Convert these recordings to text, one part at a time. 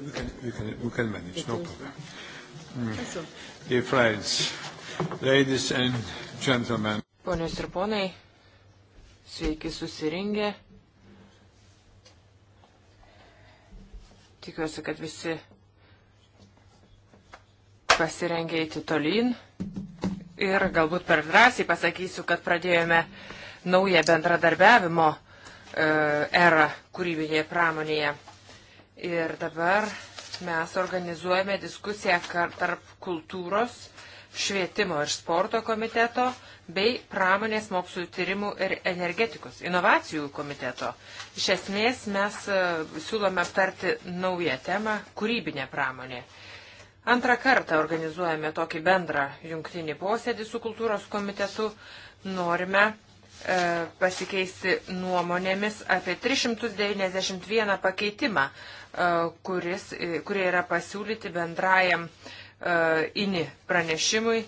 we can, we can, we can manage, no problem. Mm. Dear friends, ladies and gentlemen. Ponios ir ponai, sveiki susirinkę. Tikiuosi, kad visi pasirengė eiti tolyn. Ir galbūt per drąsiai pasakysiu, kad pradėjome naują bendradarbiavimo e, erą kūrybinėje pramonėje. Ir dabar mes organizuojame diskusiją tarp kultūros, švietimo ir sporto komiteto bei pramonės mokslų tyrimų ir energetikos inovacijų komiteto. Iš esmės mes e, siūlome aptarti naują temą - kūrybinė pramonė. Antrą kartą organizuojame tokį bendrą jungtinį posėdį su kultūros komitetu. Norime E, pasikeisti nuomonėmis apie 391 pakeitimą, e, kuris, e, kurie yra pasiūlyti bendrajam INI pranešimui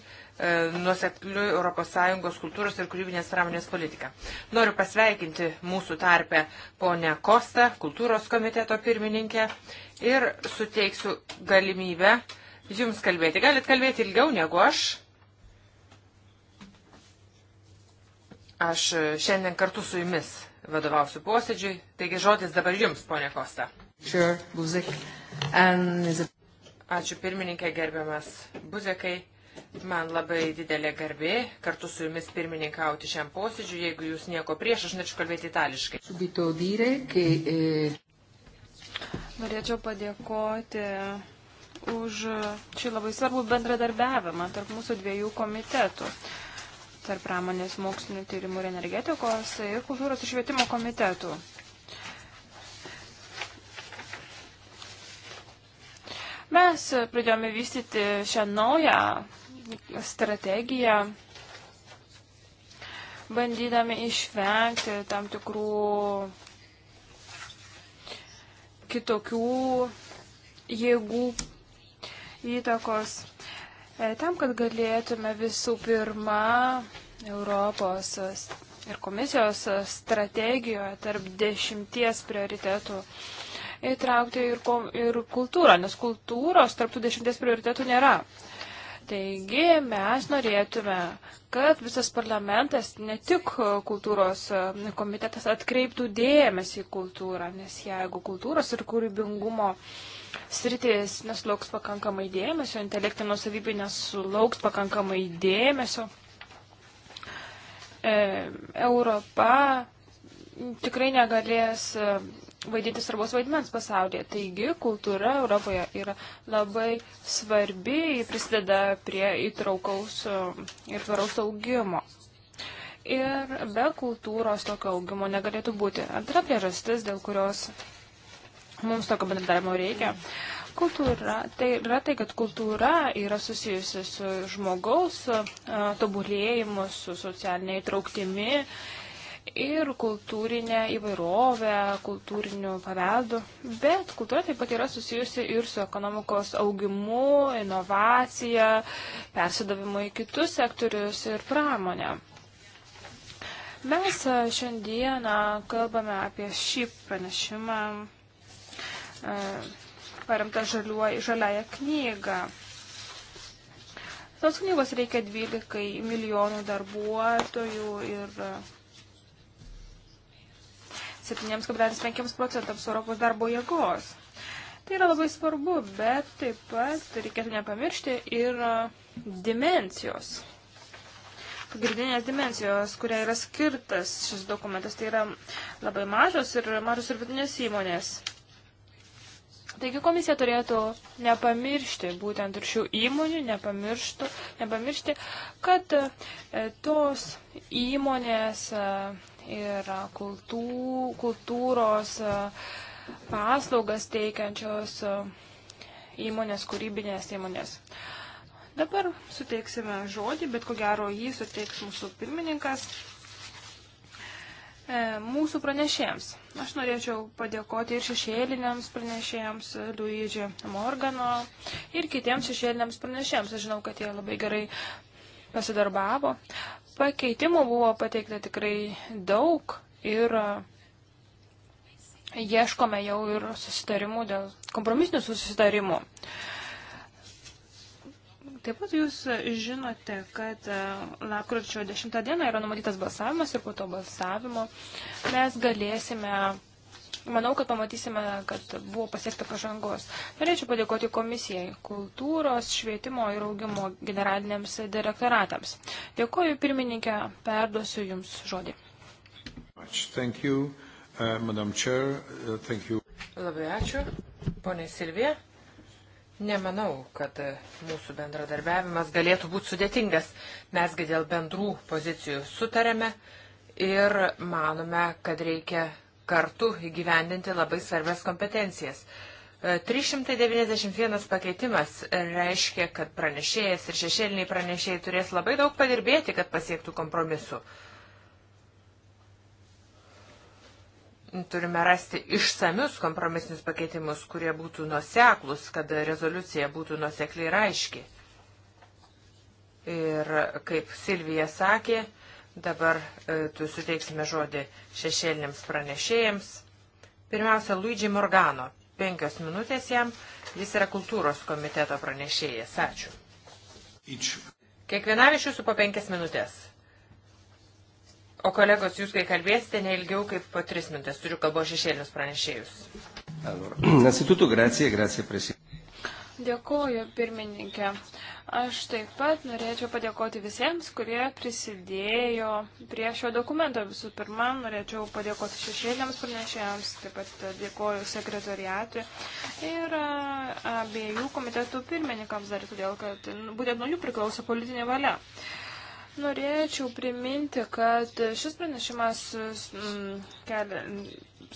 nuosekliui ES kultūros ir kūrybinės pramonės politiką. Noriu pasveikinti mūsų tarpę ponę Kostą, kultūros komiteto pirmininkę, ir suteiksiu galimybę jums kalbėti. Galit kalbėti ilgiau negu aš, Aš šiandien kartu su jumis vadovausiu posėdžiui, taigi žodis dabar jums, ponė Kosta. Sure, Ačiū pirmininkė, gerbiamas Buzekai. Man labai didelė garbė kartu su jumis pirmininkauti šiam posėdžiui. Jeigu jūs nieko prieš, aš norėčiau kalbėti itališkai. Eh, norėčiau padėkoti už šį labai svarbų bendradarbiavimą tarp mūsų dviejų komitetų. Uh, tarp pramonės mokslinių tyrimų ir energetikos ir kultūros ir švietimo komitetų. Mes pradėjome vystyti šią naują strategiją, bandydami išvengti tam tikrų kitokių jėgų įtakos E, tam, kad galėtume visų pirma Europos ir komisijos strategijoje tarp dešimties prioritetų įtraukti ir, ir kultūrą, nes kultūros tarp tų dešimties prioritetų nėra. Taigi mes norėtume, kad visas parlamentas, ne tik kultūros komitetas, atkreiptų dėmesį į kultūrą, nes jeigu kultūros ir kūrybingumo uh, sritės nesulauks pakankamai dėmesio, intelektinio savybė nesulauks pakankamai dėmesio. E, Europa tikrai negalės e, vaidinti svarbos vaidmens pasaulyje. Taigi, kultūra Europoje yra labai svarbi, prisideda prie įtraukaus e, ir tvaraus augimo. Ir be kultūros tokio augimo negalėtų būti. Antra priežastis, dėl kurios Mums tokio bendradarbiavimo reikia. Kultūra. Tai yra tai, kad kultūra yra susijusi su žmogaus tobulėjimu, su socialinė įtrauktimi ir kultūrinė įvairovė, kultūriniu paveldu. Bet kultūra taip pat yra susijusi ir su ekonomikos augimu, inovacija, persidavimu į kitus sektorius ir pramonę. Mes šiandieną kalbame apie šį pranešimą E, paremta žaliaja knyga. Tos knygos reikia 12 milijonų darbuotojų ir 7,5 e, procentams Europos darbo jėgos. Tai yra labai svarbu, bet taip pat reikėtų nepamiršti ir e, dimensijos. Pagrindinės dimensijos, kuria yra skirtas šis dokumentas, tai yra labai mažos ir mažos ir vidinės įmonės. Taigi komisija turėtų nepamiršti būtent ir šių įmonių, nepamiršti, kad e, tos įmonės e, ir kultū, kultūros e, paslaugas teikiančios įmonės, kūrybinės įmonės. Dabar suteiksime žodį, bet ko gero jį suteiks mūsų pirmininkas mūsų pranešėjams. Aš norėčiau padėkoti ir šešėliniams pranešėjams, Luigi Morgano ir kitiems šešėliniams pranešėjams. Aš žinau, kad jie labai gerai pasidarbavo. Pakeitimų buvo pateikta tikrai daug ir e, ieškome jau ir susitarimų dėl kompromisinių susitarimų. Uh, Taip pat jūs žinote, kad e, lapkričio 10 dieną yra numatytas balsavimas ir po to balsavimo mes galėsime. Manau, kad pamatysime, kad buvo pasiekta pažangos. Norėčiau padėkoti komisijai, kultūros, švietimo ir augimo generaliniams direktoratams. Dėkoju pirmininkę, perduosiu Jums žodį. Thank you, uh, Madam Chair. Uh, thank you. Labai ačiū, ponė Silvija. Nemanau, kad e, mūsų bendradarbiavimas galėtų būti sudėtingas. Mesgi dėl bendrų pozicijų sutarėme ir manome, kad reikia kartu įgyvendinti labai svarbias kompetencijas. 391 e, pakeitimas reiškia, kad pranešėjas ir šešėliniai pranešėjai turės labai daug padirbėti, kad pasiektų kompromisu. turime rasti išsamius kompromisinius pakeitimus, kurie būtų nuseklus, kad rezoliucija būtų nusekliai ir aiški. Ir kaip Silvija sakė, dabar e, tu suteiksime žodį šešėliniams pranešėjams. Pirmiausia, Luigi Morgano. Penkios minutės jam. Jis yra kultūros komiteto pranešėjas. Ačiū. Ičiū. Kiekvienam iš jūsų po penkias minutės. O kolegos, jūs kai kalbėsite, neilgiau kaip po tris minutės, turiu kalbo šešėlius pranešėjus. Dėkuoju, pirmininkė. Aš taip pat norėčiau padėkoti visiems, kurie prisidėjo prie šio dokumento. Visų pirma, norėčiau padėkoti šešėliams pranešėjams, taip pat dėkoju sekretoriatui ir abiejų komitetų pirmininkams dar todėl, kad būtent nuo jų priklauso politinė valia. Uh, Norėčiau priminti, kad šis pranešimas mm, kelia,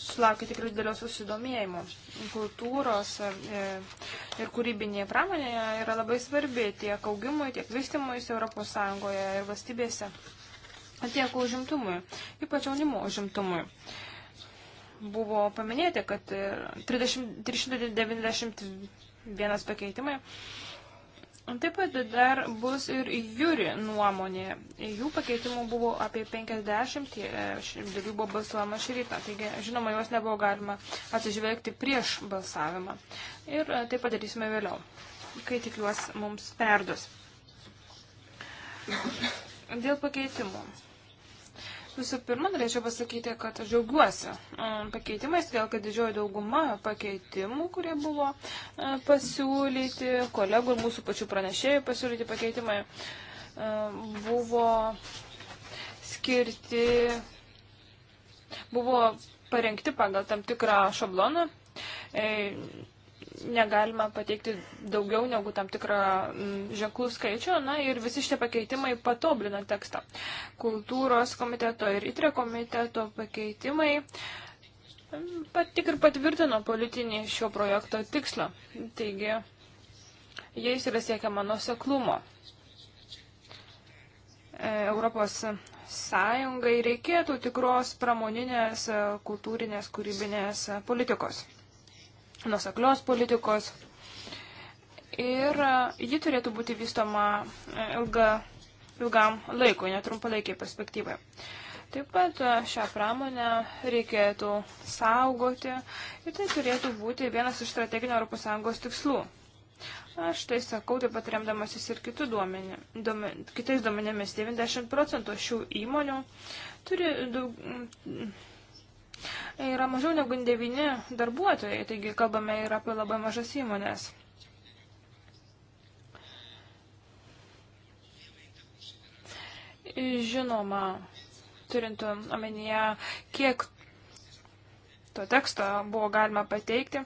sulaukia tikrai didelio susidomėjimo. Kultūros e, ir kūrybinėje pramonėje yra labai svarbi tiek augimui, tiek vystimui Europos Sąjungoje ir valstybėse, tiek užimtumui, ypač jaunimo užimtumui. Buvo paminėti, kad 391 pakeitimai Taip pat dar bus ir Juri nuomonė. Jų pakeitimų buvo apie 50, dėl jų buvo balsuojama šį rytą. Taigi, žinoma, juos nebuvo galima atsižvelgti prieš balsavimą. Ir e, tai padarysime vėliau, kai tik juos mums perdus. Dėl pakeitimų. Visų pirma, norėčiau pasakyti, kad aš džiaugiuosi mm, pakeitimais, todėl kad didžioji dauguma pakeitimų, kurie buvo e, pasiūlyti, kolegų ir mūsų pačių pranešėjų pasiūlyti pakeitimai, e, buvo skirti, buvo parengti pagal tam tikrą šabloną e, negalima pateikti daugiau negu tam tikrą mm, ženklų skaičių. Na ir visi šitie pakeitimai patoblina tekstą. Kultūros komiteto ir itre komiteto pakeitimai mm, pat tik ir patvirtino politinį šio projekto tikslą. Taigi, jais yra siekiama nuseklumo. E, Europos Sąjungai reikėtų tikros pramoninės, kultūrinės, kūrybinės politikos nusaklios politikos. Ir e, ji turėtų būti vystoma e, ilga, ilgam laikui, netrumpalaikiai perspektyvai. Taip pat e, šią pramonę reikėtų saugoti ir tai turėtų būti vienas iš strateginio ES tikslų. Aš tai sakau, taip pat remdamasis ir kitų duomenį, duomen, kitais duomenėmis. 90 procentų šių įmonių turi daug, yra mažiau negu 9 darbuotojai, taigi kalbame ir apie labai mažas įmonės. Žinoma, turint omenyje, kiek to teksto buvo galima pateikti,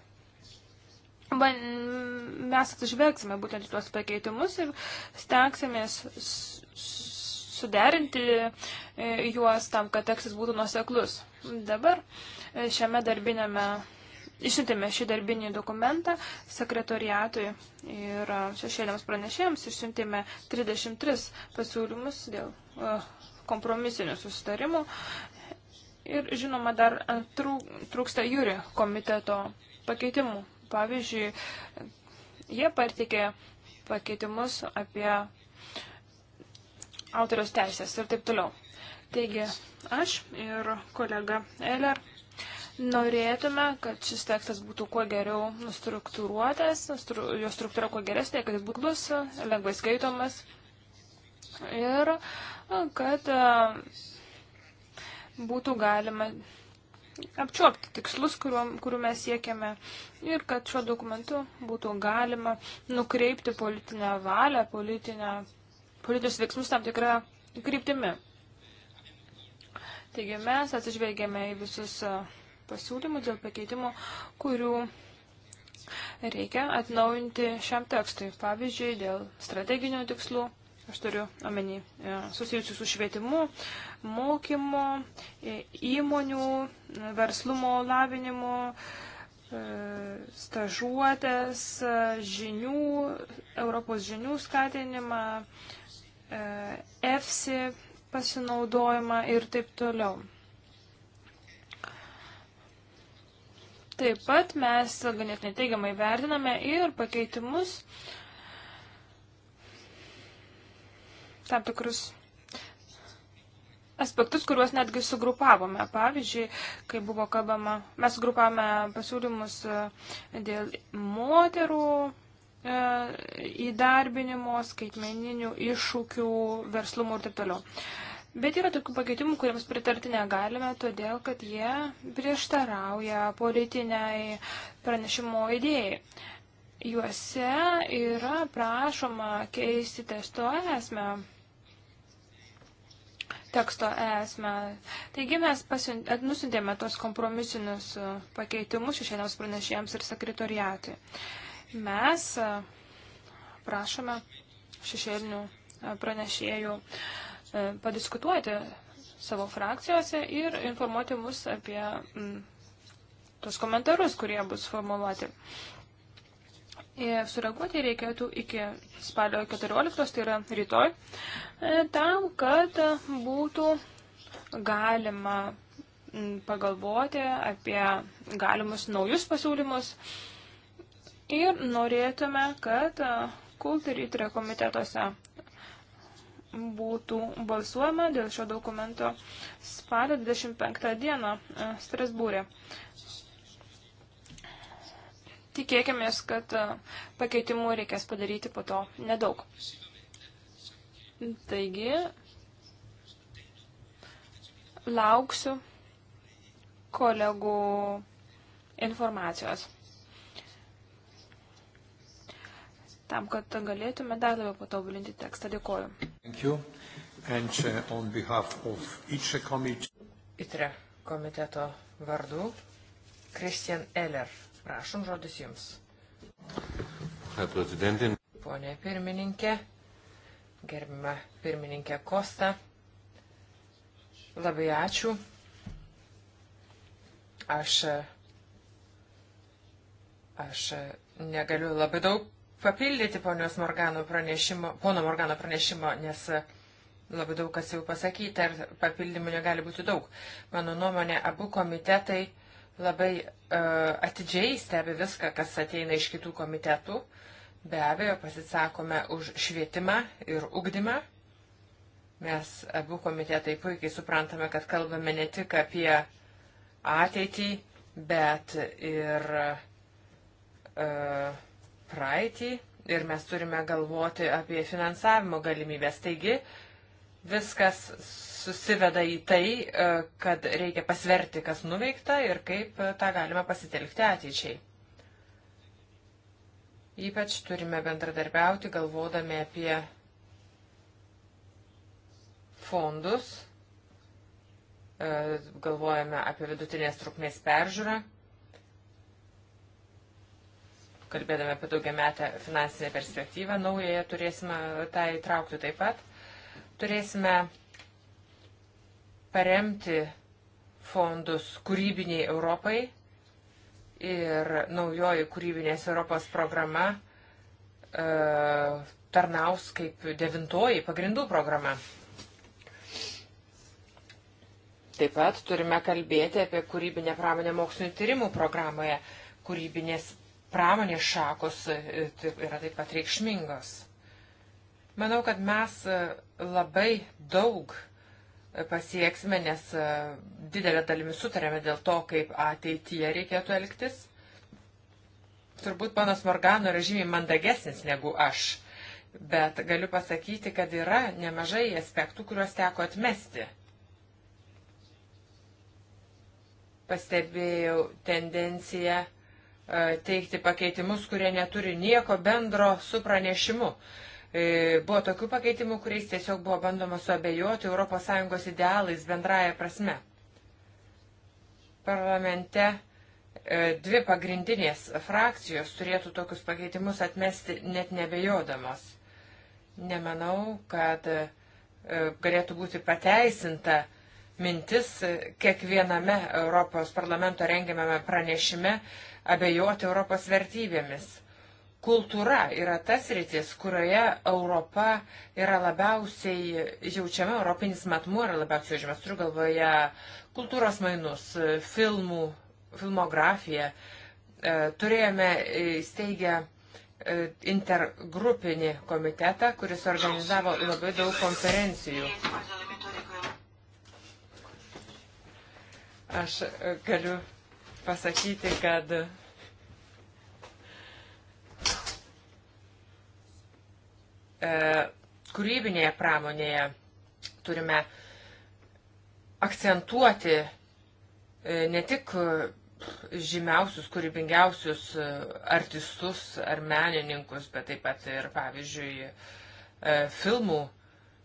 mes atsižvelgsime būtent į tuos pakeitimus ir stengsimės suderinti e, juos tam, kad tekstas būtų nuoseklus. Dabar e, šiame darbinėme išsiuntėme šį darbinį dokumentą sekretoriatui ir e, šešėliams pranešėjams išsiuntėme 33 pasiūlymus dėl kompromisinių susitarimų. Ir žinoma, dar trūksta jūri komiteto pakeitimų. Pavyzdžiui, jie partikė pakeitimus apie autoriaus teisės ir taip toliau. Taigi, aš ir kolega Eller norėtume, kad šis tekstas būtų kuo geriau struktūruotas, stru, jo struktūra kuo geresnė, kad jis būtų glus, lengvai skaitomas ir kad būtų galima apčiuopti tikslus, kuriuo, kurių mes siekiame ir kad šiuo dokumentu būtų galima nukreipti politinę valią, politinę politinius veiksmus tam tikrą kryptimi. Taigi mes atsižvelgėme į visus pasiūlymus dėl pakeitimų, kurių reikia atnaujinti šiam tekstui. Pavyzdžiui, dėl strateginių tikslų, aš turiu omeny, e, susijusių su švietimu, mokymu, e, įmonių, verslumo lavinimu, e, stažuotės, žinių, Europos žinių skatinimą, EFSI pasinaudojimą ir taip toliau. Taip pat mes ganėtinai teigiamai vertiname ir pakeitimus, tam tikrus aspektus, kuriuos netgi sugrupavome. Pavyzdžiui, kai buvo kalbama, mes sugrupavome pasiūlymus e, dėl moterų E, įdarbinimo, skaitmeninių iššūkių, verslumo ir taip toliau. Bet yra tokių pakeitimų, kuriems pritarti negalime, todėl kad jie prieštarauja politiniai pranešimo idėjai. Juose yra prašoma keisti testo esmę teksto esmę. Taigi mes pasiunt, nusintėme tos kompromisinius pakeitimus šešėliams pranešėjams ir sekretoriatui. Uh, Mes e, prašome šešėlinių e, pranešėjų e, padiskutuoti savo frakcijose ir informuoti mus apie tos komentarus, kurie bus formuluoti. Ir sureaguoti reikėtų iki spalio 14, tai yra rytoj, tam, kad būtų galima pagalvoti apie galimus naujus pasiūlymus ir norėtume, kad kult ir įtrio komitetuose būtų balsuojama dėl šio dokumento spalio 25 dieną Strasbūrė. Tikėkime, kad pakeitimų reikės padaryti po to nedaug. Taigi, lauksiu kolegų informacijos. tam, kad galėtume dar labiau patobulinti tekstą. Dėkoju. Uh, ITRE komiteto vardu Kristian Eller. Prašom, žodis Jums. Pone pirmininkė, gerbima pirmininkė Kosta, labai ačiū. Aš, aš negaliu labai daug papildyti ponios Morgano pranešimo, pono Morgano pranešimo, nes e, labai daug kas jau pasakyta ir papildymų negali būti daug. Mano nuomonė, abu komitetai labai uh, atidžiai stebi viską, kas ateina iš kitų komitetų. Be abejo, pasisakome už švietimą ir ugdymą. Mes abu komitetai puikiai suprantame, kad kalbame ne tik apie ateitį, bet ir uh, praeitį ir mes turime galvoti apie finansavimo galimybės. Taigi, viskas susiveda į tai, e, kad reikia pasverti, kas nuveikta ir kaip e, tą galima pasitelkti ateičiai. Ypač turime bendradarbiauti galvodami apie fondus, e, galvojame apie vidutinės trukmės peržiūrą kalbėdami apie daugiametę finansinę perspektyvą, naująją turėsime tą įtraukti taip pat. Turėsime paremti fondus kūrybiniai Europai ir naujoji kūrybinės Europos programa e, tarnaus kaip devintoji pagrindų programa. Taip pat turime kalbėti apie kūrybinę pramonę mokslinio tyrimų programoje, kūrybinės pramonės šakos e, tai yra taip pat reikšmingos. Manau, kad mes e, labai daug e, pasieksime, nes didelę dalimi sutarėme dėl to, kaip ateityje reikėtų elgtis. Turbūt panas Morgano yra žymiai mandagesnis negu aš, bet galiu pasakyti, kad yra nemažai aspektų, kuriuos teko atmesti. Pastebėjau tendenciją E, teikti pakeitimus, kurie neturi nieko bendro su pranešimu. E, buvo tokių pakeitimų, kuriais tiesiog buvo bandoma suabejoti ES idealais bendraja prasme. Parlamente e, dvi pagrindinės frakcijos turėtų tokius pakeitimus atmesti net nebejodamos. Nemanau, kad galėtų būti pateisinta mintis kiekviename Europos parlamento rengiamame pranešime abejoti Europos vertybėmis. Kultūra yra tas rytis, kurioje Europa yra labiausiai jaučiama, europinis matmuo yra labiausiai jaučiamas. Turiu galvoje kultūros mainus, filmų, filmografiją. E, turėjome e, įsteigę e, intergrupinį komitetą, kuris organizavo labai daug konferencijų. Aš e, galiu pasakyti, kad e, kūrybinėje pramonėje turime akcentuoti e, ne tik žymiausius, kūrybingiausius artistus ar menininkus, bet taip pat ir, pavyzdžiui, filmų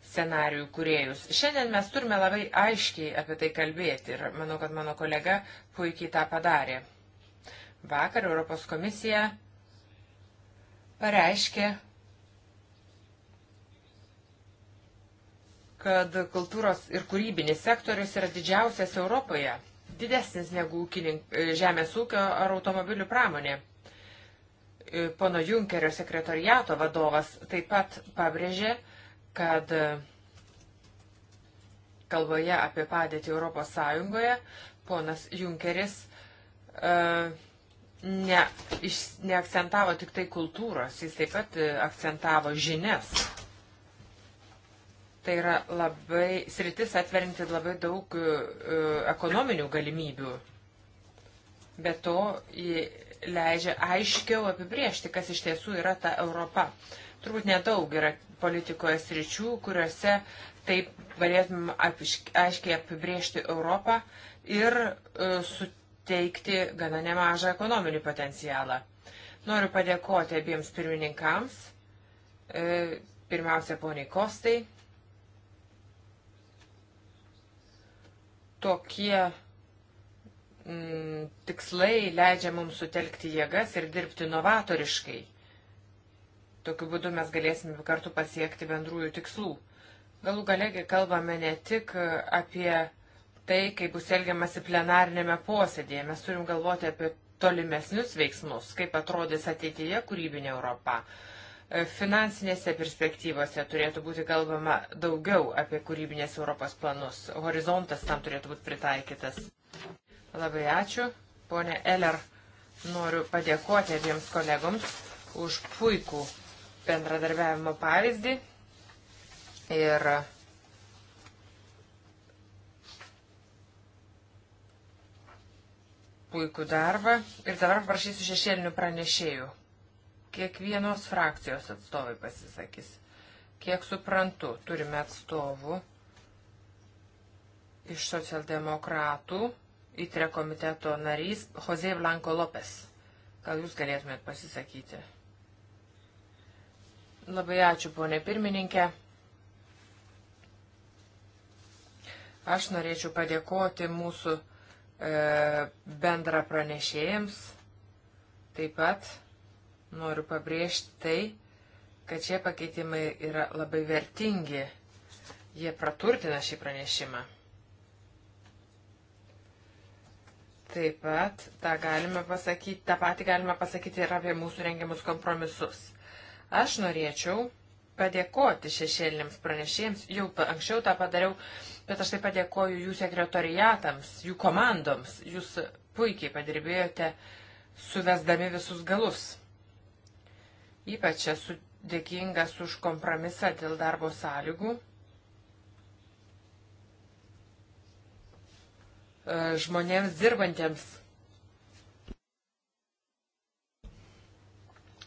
scenarijų kuriejus. Šiandien mes turime labai aiškiai apie tai kalbėti ir manau, kad mano kolega puikiai tą padarė. Vakar Europos komisija pareiškė, kad kultūros ir kūrybinis sektorius yra didžiausias Europoje, didesnis negu ūkilink, e, žemės ūkio ar automobilių pramonė. E, Pono Junkerio sekretariato vadovas taip pat pabrėžė, kad e, kalboje apie padėtį Europos Sąjungoje ponas Junkeris uh, ne, iš, neakcentavo tik tai kultūros, jis taip pat e, akcentavo žinias. Tai yra labai sritis atverinti labai daug uh, ekonominių galimybių. Be to, jį leidžia aiškiau apibriežti, kas iš tiesų yra ta Europa. Uh, Turbūt nedaug yra politikoje sričių, kuriuose taip galėtum aiškiai apibriežti Europą ir e, suteikti gana nemažą ekonominį potencialą. Noriu padėkoti abiems pirmininkams, e, pirmiausia, poniai Kostai. Tokie m, tikslai leidžia mums sutelkti jėgas ir dirbti novatoriškai Tokiu būdu mes galėsime kartu pasiekti bendrųjų tikslų. Galų galegi kalbame ne tik apie tai, kaip bus elgiamasi plenarinėme posėdėje, mes turim galvoti apie tolimesnius veiksmus, kaip atrodys ateityje kūrybinė Europa. E, finansinėse perspektyvose turėtų būti kalbama daugiau apie kūrybinės Europos planus. Horizontas tam turėtų būti pritaikytas. Labai ačiū. Pone Eller, noriu padėkoti abiems kolegoms už puikų bendradarbiavimo pavyzdį ir puikų darbą. Ir dabar prašysiu šešėlinių pranešėjų. Kiekvienos frakcijos atstovai pasisakys. Kiek suprantu, turime atstovų iš socialdemokratų, įtre komiteto narys Jose Blanko Lopes. Gal jūs galėtumėt pasisakyti? Labai ačiū, ponė pirmininkė. Aš norėčiau padėkoti mūsų e, bendra pranešėjams. Taip pat noriu pabrėžti tai, kad šie pakeitimai yra labai vertingi. Jie praturtina šį pranešimą. Taip pat tą, galime pasakyti, tą patį galime pasakyti ir apie mūsų rengiamus kompromisus. Aš norėčiau padėkoti šešėliniams pranešėjams, jau anksčiau tą padariau, bet aš taip padėkoju jų sekretoriatams, jų komandoms. Jūs puikiai padirbėjote suvesdami visus galus. Ypač esu dėkingas už kompromisą dėl darbo sąlygų. E, žmonėms dirbantiems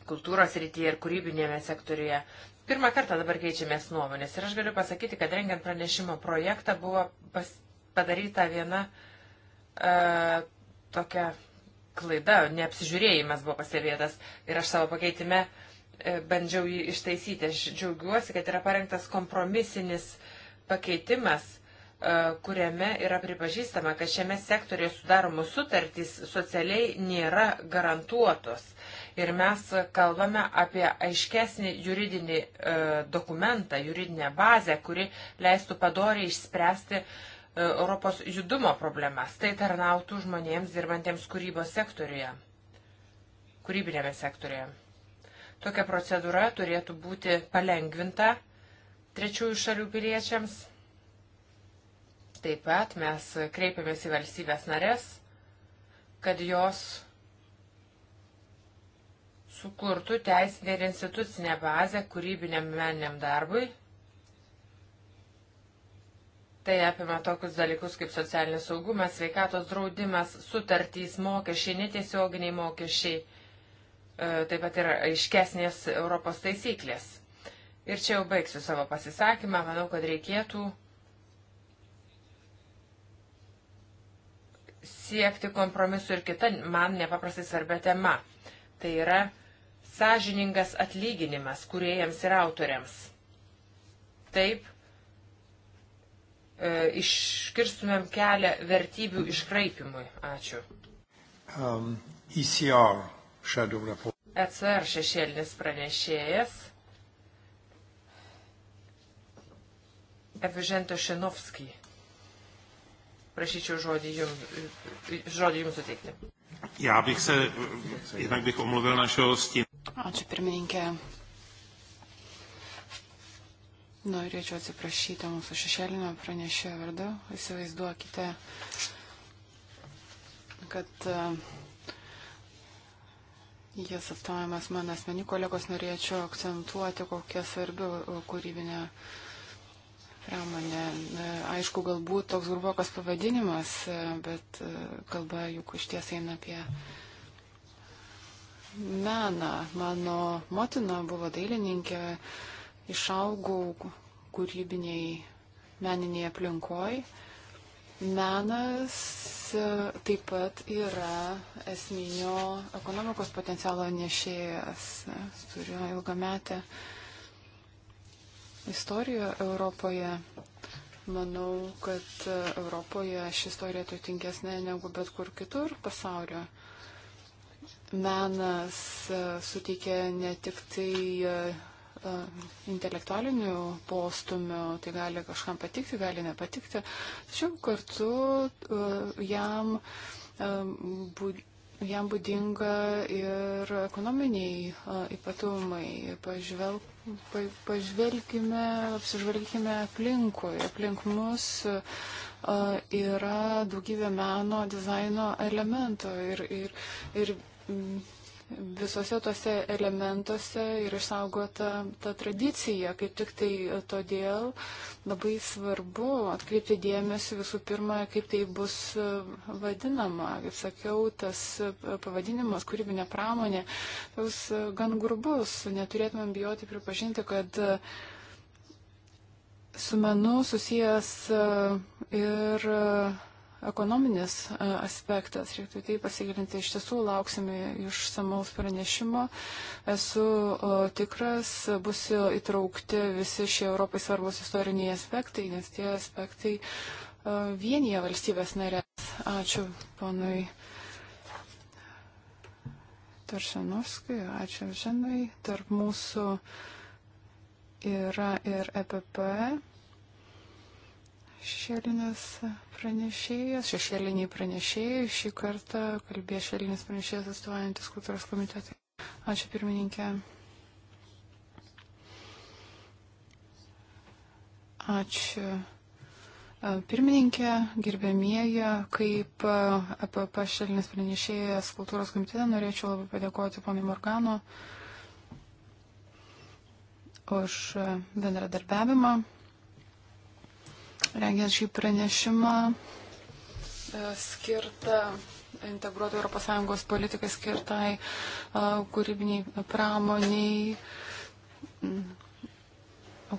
kultūros rytyje ir kūrybinėme sektoriuje. Pirmą kartą dabar keičiamės nuomonės ir aš galiu pasakyti, kad rengiant pranešimo projektą buvo pas, padaryta viena e, tokia klaida, neapsižiūrėjimas buvo pastebėtas ir aš savo pakeitime e, bandžiau jį ištaisyti. Aš džiaugiuosi, kad yra parengtas kompromisinis pakeitimas e, kuriame yra pripažįstama, kad šiame sektorėje sudaromos sutartys socialiai nėra garantuotos. Ir mes kalbame apie aiškesnį juridinį e, dokumentą, juridinę bazę, kuri leistų padoriai išspręsti e, Europos judumo problemas. Tai tarnautų žmonėms dirbantiems kūrybos sektoriuje, kūrybinėme sektoriuje. Tokia procedūra turėtų būti palengvinta trečiųjų šalių piliečiams. Taip pat mes kreipiamės į valstybės narės, kad jos sukurtų teisinę ir institucinę bazę kūrybiniam meniniam darbui. Tai apima tokius dalykus kaip socialinis saugumas, sveikatos draudimas, sutartys, mokesčiai, netiesioginiai mokesčiai, e, taip pat ir aiškesnės Europos taisyklės. Ir čia jau baigsiu savo pasisakymą, manau, kad reikėtų siekti kompromisų ir kita man nepaprastai svarbia tema. Tai yra sąžiningas atlyginimas kuriejams ir autoriams. Taip e, iškirstumėm kelią vertybių iškraipimui. Ačiū. Um, ECR, ECR e šešėlinis pranešėjas. Evižento Šenovskį. Prašyčiau žodį jums, žodį jums suteikti. Já bych se, jinak bych omluvil našeho stínu. Ačiū pirmininkė. Norėčiau atsiprašyti mūsų šešėlinio pranešėjo vardu. Įsivaizduokite, kad e, jis atstovavimas man asmenių kolegos norėčiau akcentuoti, kokia svarbi e, kūrybinė pramonė. E, aišku, galbūt toks grubokas pavadinimas, bet kalba juk iš ties eina apie meną. Mano motina buvo dailininkė, išaugau kūrybiniai meniniai aplinkoj. Menas e, taip pat yra esminio ekonomikos potencialo nešėjas. Turiu ilgametę istoriją Europoje. Manau, kad Europoje ši istorija turtingesnė negu bet kur kitur pasaulio menas e, suteikia ne tik tai e, e, intelektualinių postumių, tai gali kažkam patikti, gali nepatikti, tačiau kartu jam, jam būdinga ir ekonominiai ypatumai. Pažvel, pažvelgime, apsižvalgime aplinkui, aplink mus yra daugybė meno, dizaino elementų ir, ir, ir visose tose elementuose ir išsaugota ta tradicija. Kaip tik tai todėl labai svarbu atkreipti dėmesį visų pirma, kaip tai bus vadinama. Kaip sakiau, tas pavadinimas kūrybinė pramonė, jūs gan gurbus, neturėtumėm bijoti pripažinti, kad su menu susijęs ir. Uh, ekonominis e, aspektas. Reiktų tai pasigilinti. Iš tiesų lauksime iš samaus pranešimo. Esu e, tikras, bus įtraukti visi šie Europai svarbus istoriniai aspektai, nes tie aspektai e, vienyje valstybės narės. Ačiū ponui. Taršanovskai, ačiū Žinai, tarp mūsų yra ir EPP šešėlinis pranešėjas, šešėliniai pranešėjai, šį kartą kalbėjo šešėlinis pranešėjas atstovaujantis kultūros komitetui. Ačiū pirmininkė. Ačiū. Pirmininkė, gerbėmieji, kaip EPP šešėlinis pranešėjas kultūros komitete, norėčiau labai padėkoti ponui Morgano už bendradarbiavimą rengęs šį pranešimą e, skirtą integruotų ES politikai skirtai e, kūrybiniai pramoniai.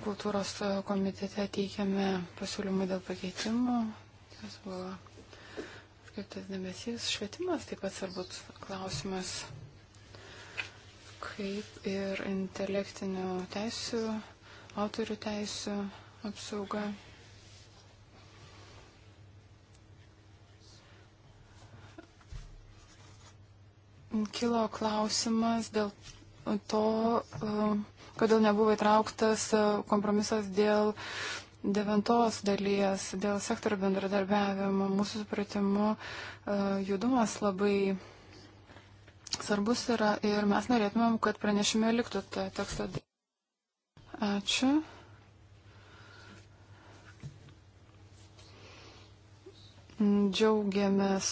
Kultūros komitete teikiame pasiūlymų dėl pakeitimų. Tas buvo skirtas dėmesys. Švietimas taip pat svarbus klausimas, kaip ir intelektinių teisių, autorių teisių apsauga. kilo klausimas dėl to, e, kodėl nebuvo įtrauktas e, kompromisas dėl devintos dalies, dėl sektorio bendradarbiavimo. Mūsų supratimu, e, judumas labai svarbus yra ir mes norėtumėm, kad pranešime liktų tą tekstą. Ačiū. Džiaugiamės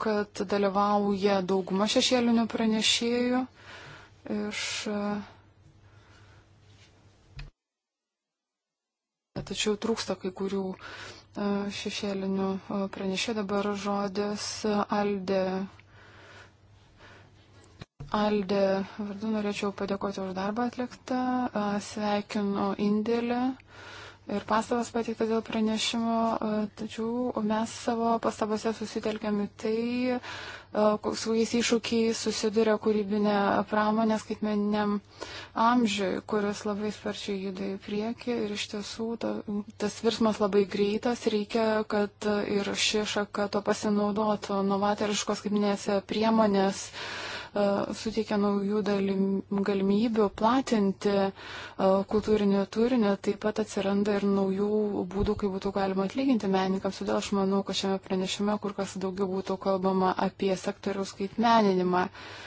kad dalyvauja dauguma šešėlinių pranešėjų iš. E, tačiau trūksta kai kurių e, šešėlinių e, pranešė dabar žodis Aldė. Aldė, vardu norėčiau padėkoti už darbą atliktą, sveikinu indėlį ir pastabas pateikta dėl pranešimo, e, tačiau mes savo pastabose susitelkėme tai, e, su kokiais iššūkiais susiduria kūrybinė pramonė skaitmeniniam amžiui, kuris labai sparčiai juda į priekį ir iš tiesų ta, tas virsmas labai greitas, reikia, kad ir ši šaka to pasinaudotų novatoriškos skaitmeninės priemonės. Uh, E, suteikia naujų dalim, galimybių platinti e, kultūrinį turinį, taip pat atsiranda ir naujų būdų, kaip būtų galima atlyginti menininkams. Todėl aš manau, kad šiame pranešime kur kas daugiau būtų kalbama apie sektorių skaitmeninimą. Uh,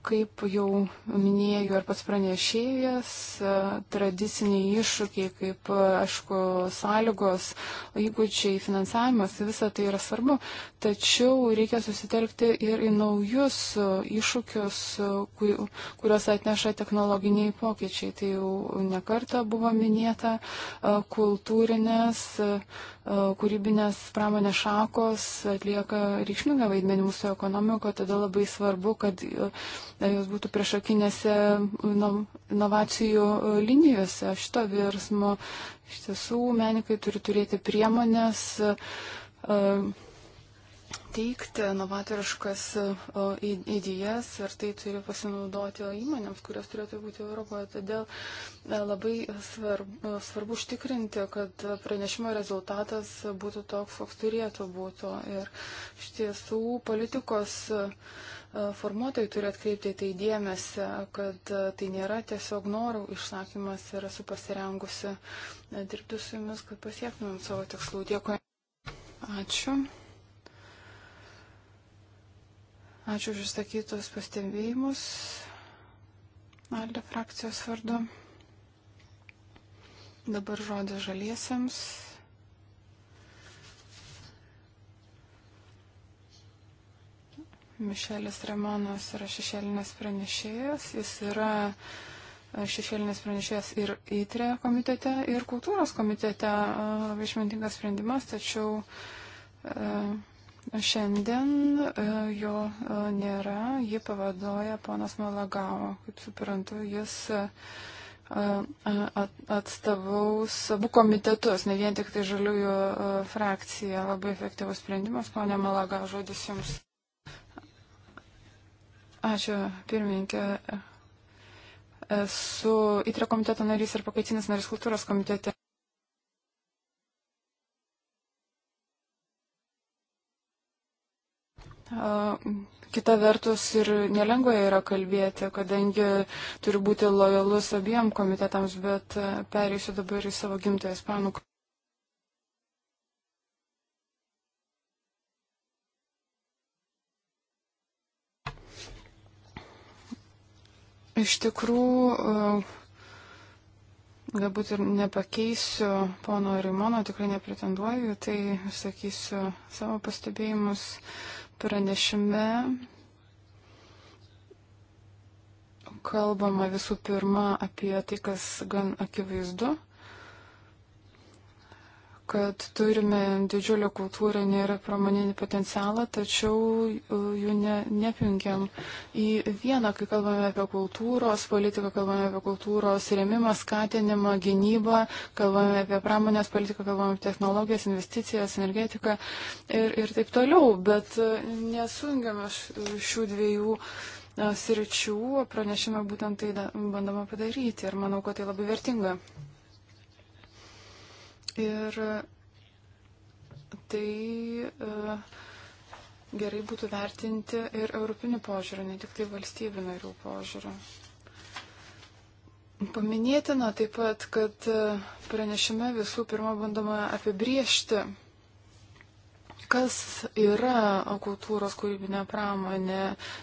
Kaip jau minėjau ir pats pranešėjas, e, tradiciniai iššūkiai, kaip, e, aišku, sąlygos, įgūdžiai, finansavimas, tai visa tai yra svarbu, tačiau reikia susitelkti ir į naujus e, iššūkius, kuriuos atneša technologiniai pokyčiai. Tai jau nekarta buvo minėta kultūrinės, kūrybinės pramonės šakos atlieka reikšmingą vaidmenį mūsų ekonomikoje, todėl labai svarbu, kad jos būtų priešakinėse nu, inovacijų e, linijose. Šito virsmo iš tiesų menininkai turi turėti priemonės e, teikti novatoriškas e, idėjas ir tai turi pasinaudoti įmonėms, kurios turėtų būti Europoje. Todėl labai svarbu, svarbu užtikrinti, kad pranešimo rezultatas būtų toks, koks turėtų būti. Ir iš tiesų politikos uh, E, formuotojai turi atkreipti tai dėmesį, kad e, tai nėra tiesiog norų išsakymas ir esu pasirengusi e, dirbti su jumis, kad pasiektumėm savo tikslų. Dėkui. Ačiū. Ačiū už išsakytus pastebėjimus. Alde frakcijos vardu. Dabar žodis žaliesiems. Mišelis Remanas yra šešėlinės pranešėjas, jis yra e, šešėlinės pranešėjas ir įtrė komitete, ir kultūros komitete. E, labai išmintingas sprendimas, tačiau e, šiandien jo nėra, jį pavadoja ponas Malagavo. Kaip suprantu, jis atstovaus abu komitetus, ne vien tik tai žaliųjų frakcija. Labai efektyvus sprendimas, ponė Malaga, žodis jums. Ačiū, pirmininkė. Esu įtrio komiteto narys ir pakaitinis narys kultūros komitete. Kita vertus ir nelengva yra kalbėti, kadangi turi būti lojalus abiem komitetams, bet e, pereisiu dabar į savo gimtąją spanų. Iš tikrųjų, e, galbūt ir nepakeisiu pono Rimono, tikrai nepretenduoju, tai sakysiu savo pastebėjimus pranešime. Kalbama visų pirma apie tai, kas gan akivaizdu kad turime didžiulį kultūrinį ir pramoninį potencialą, tačiau e, jų ne, nepjungiam į vieną, kai kalbame apie kultūros politiką, kalbame apie kultūros rėmimą, skatinimą, gynybą, kalbame apie pramonės politiką, kalbame apie technologijas, investicijas, energetiką ir, ir taip toliau, bet e, nesungiame šių dviejų e, sričių, pranešime būtent tai bandoma padaryti ir manau, kad tai labai vertinga. Ir tai e, gerai būtų vertinti ir europinių požiūrį, ne tik tai valstybių narių požiūrį. Paminėtina taip pat, kad e, pranešime visų pirma bandoma apibriežti, kas yra kultūros kūrybinė pramonė.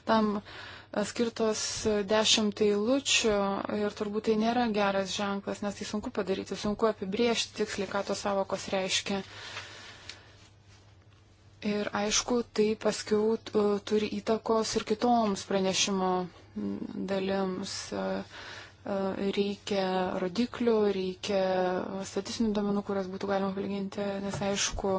Tam uh, skirtos dešimt eilučių ir turbūt tai nėra geras ženklas, nes tai sunku padaryti, sunku apibriežti tiksliai, ką tos savokos reiškia. Ir aišku, tai paskiau e, turi įtakos ir kitoms pranešimo dalims. E, e, reikia rodiklių, reikia statistinių domenų, kurias būtų galima palyginti, nes aišku,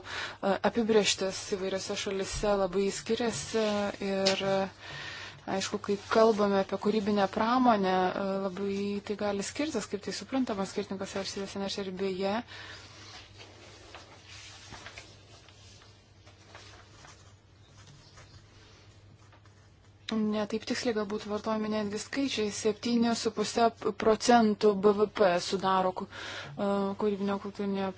apibrieštis įvairiose šalise labai skiriasi ir uh, Aišku, kai kalbame apie kūrybinę pramonę, e, labai tai gali skirtis, kaip tai suprantama skirtingose valstybėse, nes ir beje. Netaip tiksliai galbūt vartojami netgi skaičiai. 7,5 procentų BVP sudaro e, kūrybinio kultūrinė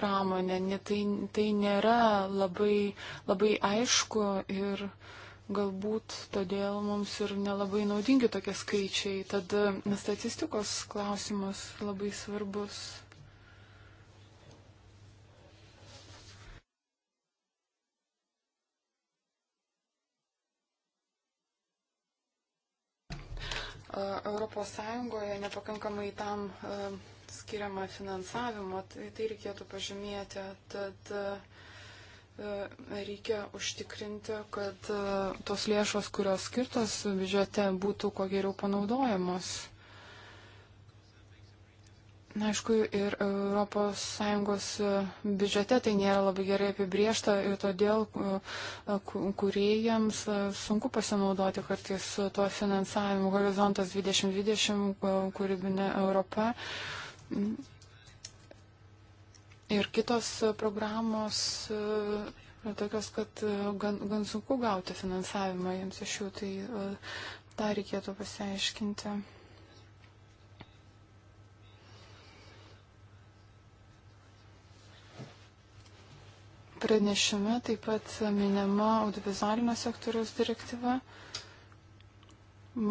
pramonė. Tai, tai nėra labai, labai aišku ir. Uh, Galbūt todėl mums ir nelabai naudingi tokie skaičiai. Tad e, statistikos klausimas labai svarbus. E, Europos Sąjungoje nepakankamai tam e, skiriama finansavimo, tai, tai reikėtų pažymėti. Tad E, reikia užtikrinti, kad e, tos lėšos, kurios skirtos biudžete, būtų kuo geriau panaudojamos. Na, aišku, ir ES e, biudžete tai nėra labai gerai apibriešta ir todėl kuriejams sunku pasinaudoti kartais tuo finansavimu Horizontas 2020, kūrybinė Europa. Ir kitos programos yra e, tokios, kad e, gan, gan sunku gauti finansavimą jiems iš jų, tai e, tą reikėtų pasiaiškinti. pranešime taip pat minima audiovizualinio sektoriaus direktyva.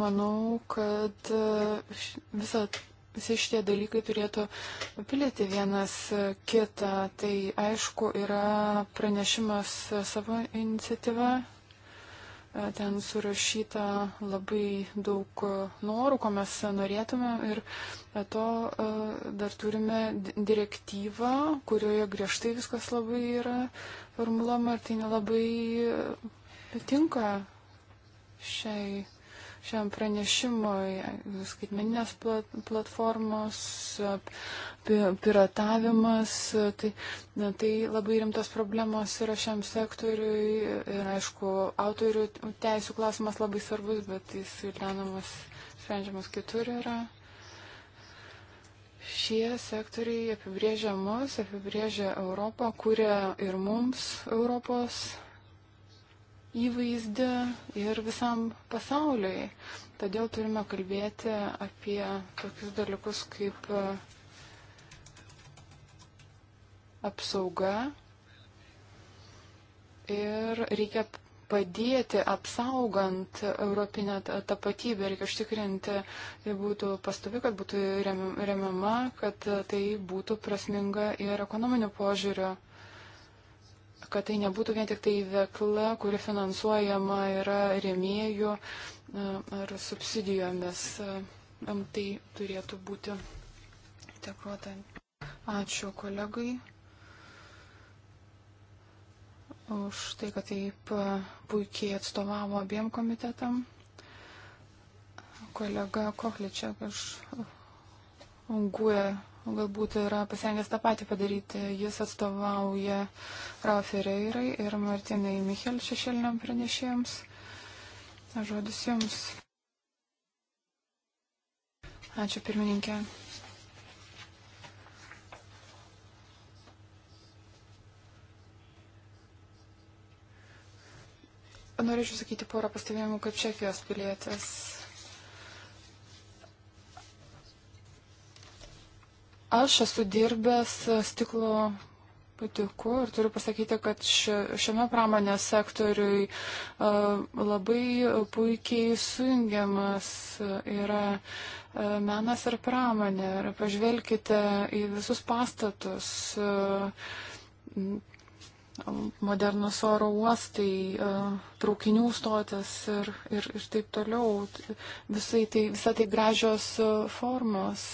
Manau, kad visą Visi šitie dalykai turėtų papildyti vienas kitą. Tai aišku yra pranešimas savo iniciatyva. Ten surašyta labai daug norų, ko mes norėtume ir to e, dar turime direktyvą, kurioje griežtai viskas labai yra formuluoma ir tai nelabai e, patinka šiai šiam pranešimui, skaitmeninės plat, platformos, piratavimas, tai, na, tai labai rimtos problemos yra šiam sektoriui ir aišku, autorių teisų klausimas labai svarbus, bet jis lemiamas, sprendžiamas kitur yra šie sektoriai apibrėžia mus, apibrėžia Europą, kuria ir mums Europos įvaizdį ir visam pasauliui. Todėl turime kalbėti apie tokius dalykus kaip e, apsauga ir reikia padėti apsaugant europinę tapatybę, reikia užtikrinti, kad būtų pastovi, kad būtų remiama, kad tai būtų prasminga ir ekonominiu požiūriu kad tai nebūtų vien tik tai veikla, kuri finansuojama yra remėjų e, ar subsidijomis. E, tai turėtų būti integruota. Ačiū kolegai už tai, kad taip e, puikiai atstovavo abiem komitetam. Kolega Kohličiak iš Unguė galbūt yra pasirengęs tą patį padaryti. Jis atstovauja Ralf Reirai ir Martinai Michel šešėliniam pranešėjams. Žodis jums. Ačiū pirmininkė. Norėčiau sakyti porą pastebėjimų kaip Čekijos pilietis Aš esu dirbęs stiklo patiku ir turiu pasakyti, kad šiame pramonės sektoriui labai puikiai sujungiamas yra menas ir pramonė. Ir pažvelkite į visus pastatus, modernus oro uostai, traukinių stotis ir, ir, ir taip toliau. Visai tai, visą tai gražios formos.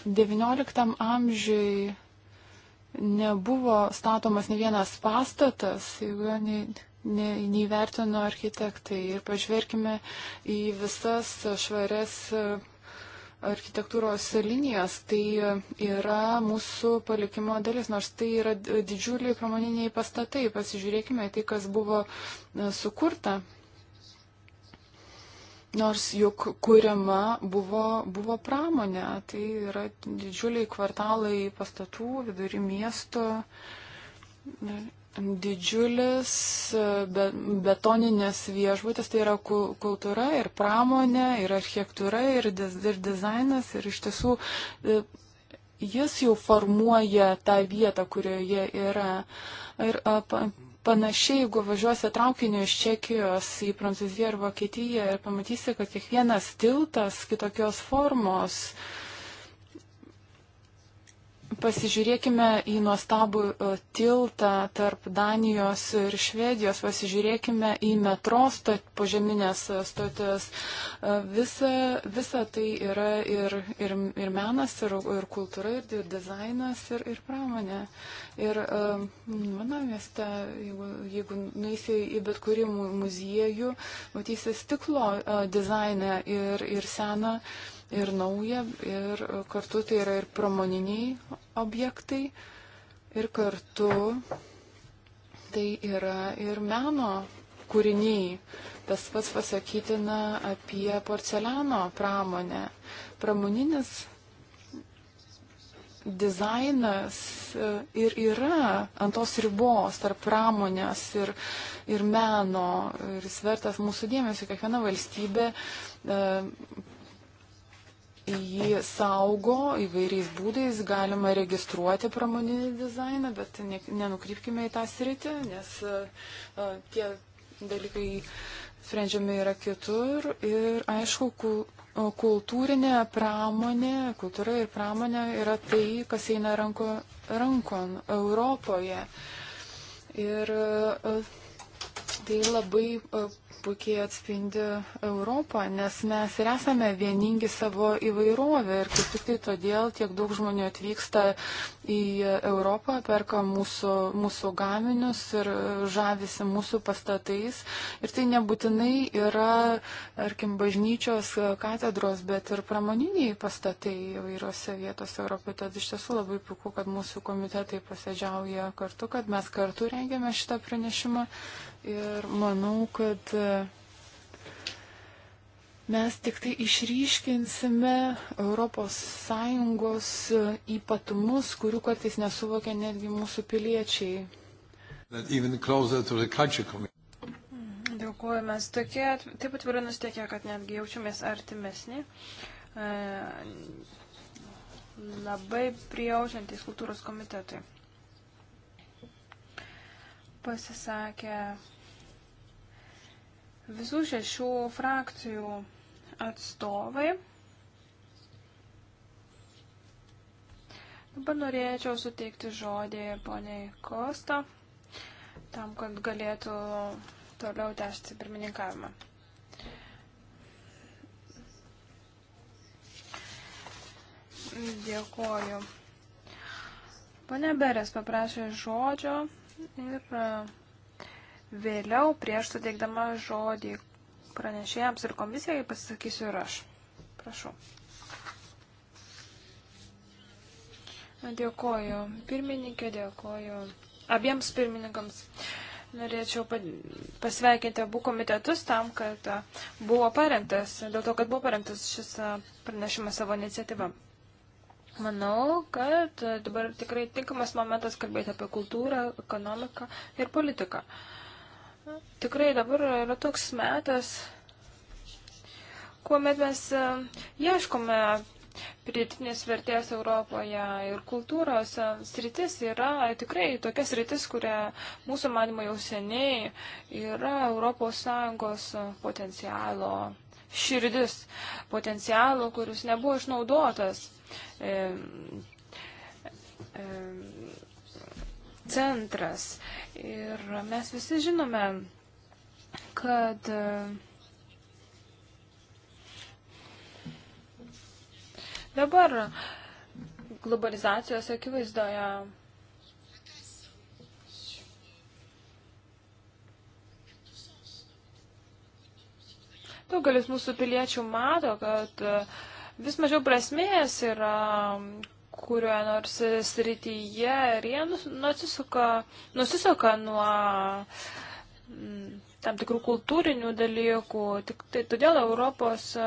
XIX amžiui nebuvo statomas ne vienas pastatas, jeigu ne, ne, neįvertino architektai. Ir pažvelkime į visas švarias e, architektūros linijas, tai yra mūsų palikimo dalis, nors tai yra didžiuliai pramoniniai pastatai. Pasižiūrėkime į tai, kas buvo e, sukurta Nors juk kuriama buvo, buvo pramonė, tai yra didžiuliai kvartalai pastatų vidury miesto, didžiulis be, betoninės viešbutis, tai yra kultūra ir pramonė, ir architektūra, ir, diz, ir dizainas, ir iš tiesų e, jis jau formuoja tą vietą, kurioje yra. Ir Panašiai, jeigu važiuosi traukiniu iš Čekijos į Prancūziją ar Vokietiją ir pamatysi, kad kiekvienas tiltas kitokios formos, uh, Pasižiūrėkime į nuostabų e, tiltą tarp Danijos ir Švedijos, pasižiūrėkime į metro stot, požeminės e, stotis. E, visa, visa tai yra ir, ir, ir menas, ir, ir kultūra, ir, ir dizainas, ir, ir pramonė. Ir mano mieste, jeigu, jeigu nueisi į bet kurį muziejų, matysi stiklo dizainą ir, ir seną ir nauja, ir kartu tai yra ir pramoniniai objektai, ir kartu tai yra ir meno kūriniai. Tas pats pasakytina apie porceliano pramonę. Pramoninis dizainas e, ir yra ant tos ribos tarp pramonės ir, ir meno ir svertas mūsų dėmesio. Kiekviena valstybė e, jį saugo įvairiais būdais, galima registruoti pramoninį dizainą, bet ne, nenukrypkime į tą sritį, nes uh, tie dalykai sprendžiami yra kitur. Ir aišku, kultūrinė pramonė, kultūra ir pramonė yra tai, kas eina ranko, rankon Europoje. Ir uh, tai labai uh, puikiai atspindi Europą, nes mes ir esame vieningi savo įvairovę ir kaip tik tai todėl tiek daug žmonių atvyksta į Europą, perka mūsų, mūsų gaminius ir žavisi mūsų pastatais. Ir tai nebūtinai yra, tarkim, bažnyčios katedros, bet ir pramoniniai pastatai įvairiose vietose Europoje. Tad iš tiesų labai puiku, kad mūsų komitetai posėdžiauja kartu, kad mes kartu rengiame šitą pranešimą ir manau, kad e, mes tik tai išryškinsime ES e, ypatumus, kurių kartais nesuvokia netgi mūsų piliečiai. Dėkuoju, mes tokie, taip atvirai nusteikia, kad netgi jaučiamės artimesni. E, labai priejaučiantys kultūros komitetui pasisakė visų šešių frakcijų atstovai. Dabar norėčiau suteikti žodį poniai Kosta, tam, kad galėtų toliau tęsti pirmininkavimą. Dėkuoju. Pane Beres paprašė žodžio, Ir e, vėliau, prieš suteikdama žodį pranešėjams ir komisijai, pasisakysiu ir aš. Prašau. Dėkoju pirmininkė, dėkoju abiems pirmininkams. Norėčiau pasveikinti abu komitetus tam, kad e, buvo parengtas, dėl to, kad buvo parengtas šis e, pranešimas savo iniciatyvą. Manau, kad dabar tikrai tinkamas momentas kalbėti apie kultūrą, ekonomiką ir politiką. Tikrai dabar yra toks metas, kuomet mes e, ieškome pridėtinės vertės Europoje ir kultūros e, sritis yra tikrai tokia sritis, kurią mūsų manimo jau seniai yra ES potencialo širdis, potencialo, kuris nebuvo išnaudotas centras. Ir mes visi žinome, kad dabar globalizacijos akivaizdoje daugelis mūsų piliečių mato, kad uh, Vis mažiau prasmės yra kurioje nors srityje ir jie nusisuka, nusisuka nuo mm, tam tikrų kultūrinių dalykų. Tik tai todėl Europos e,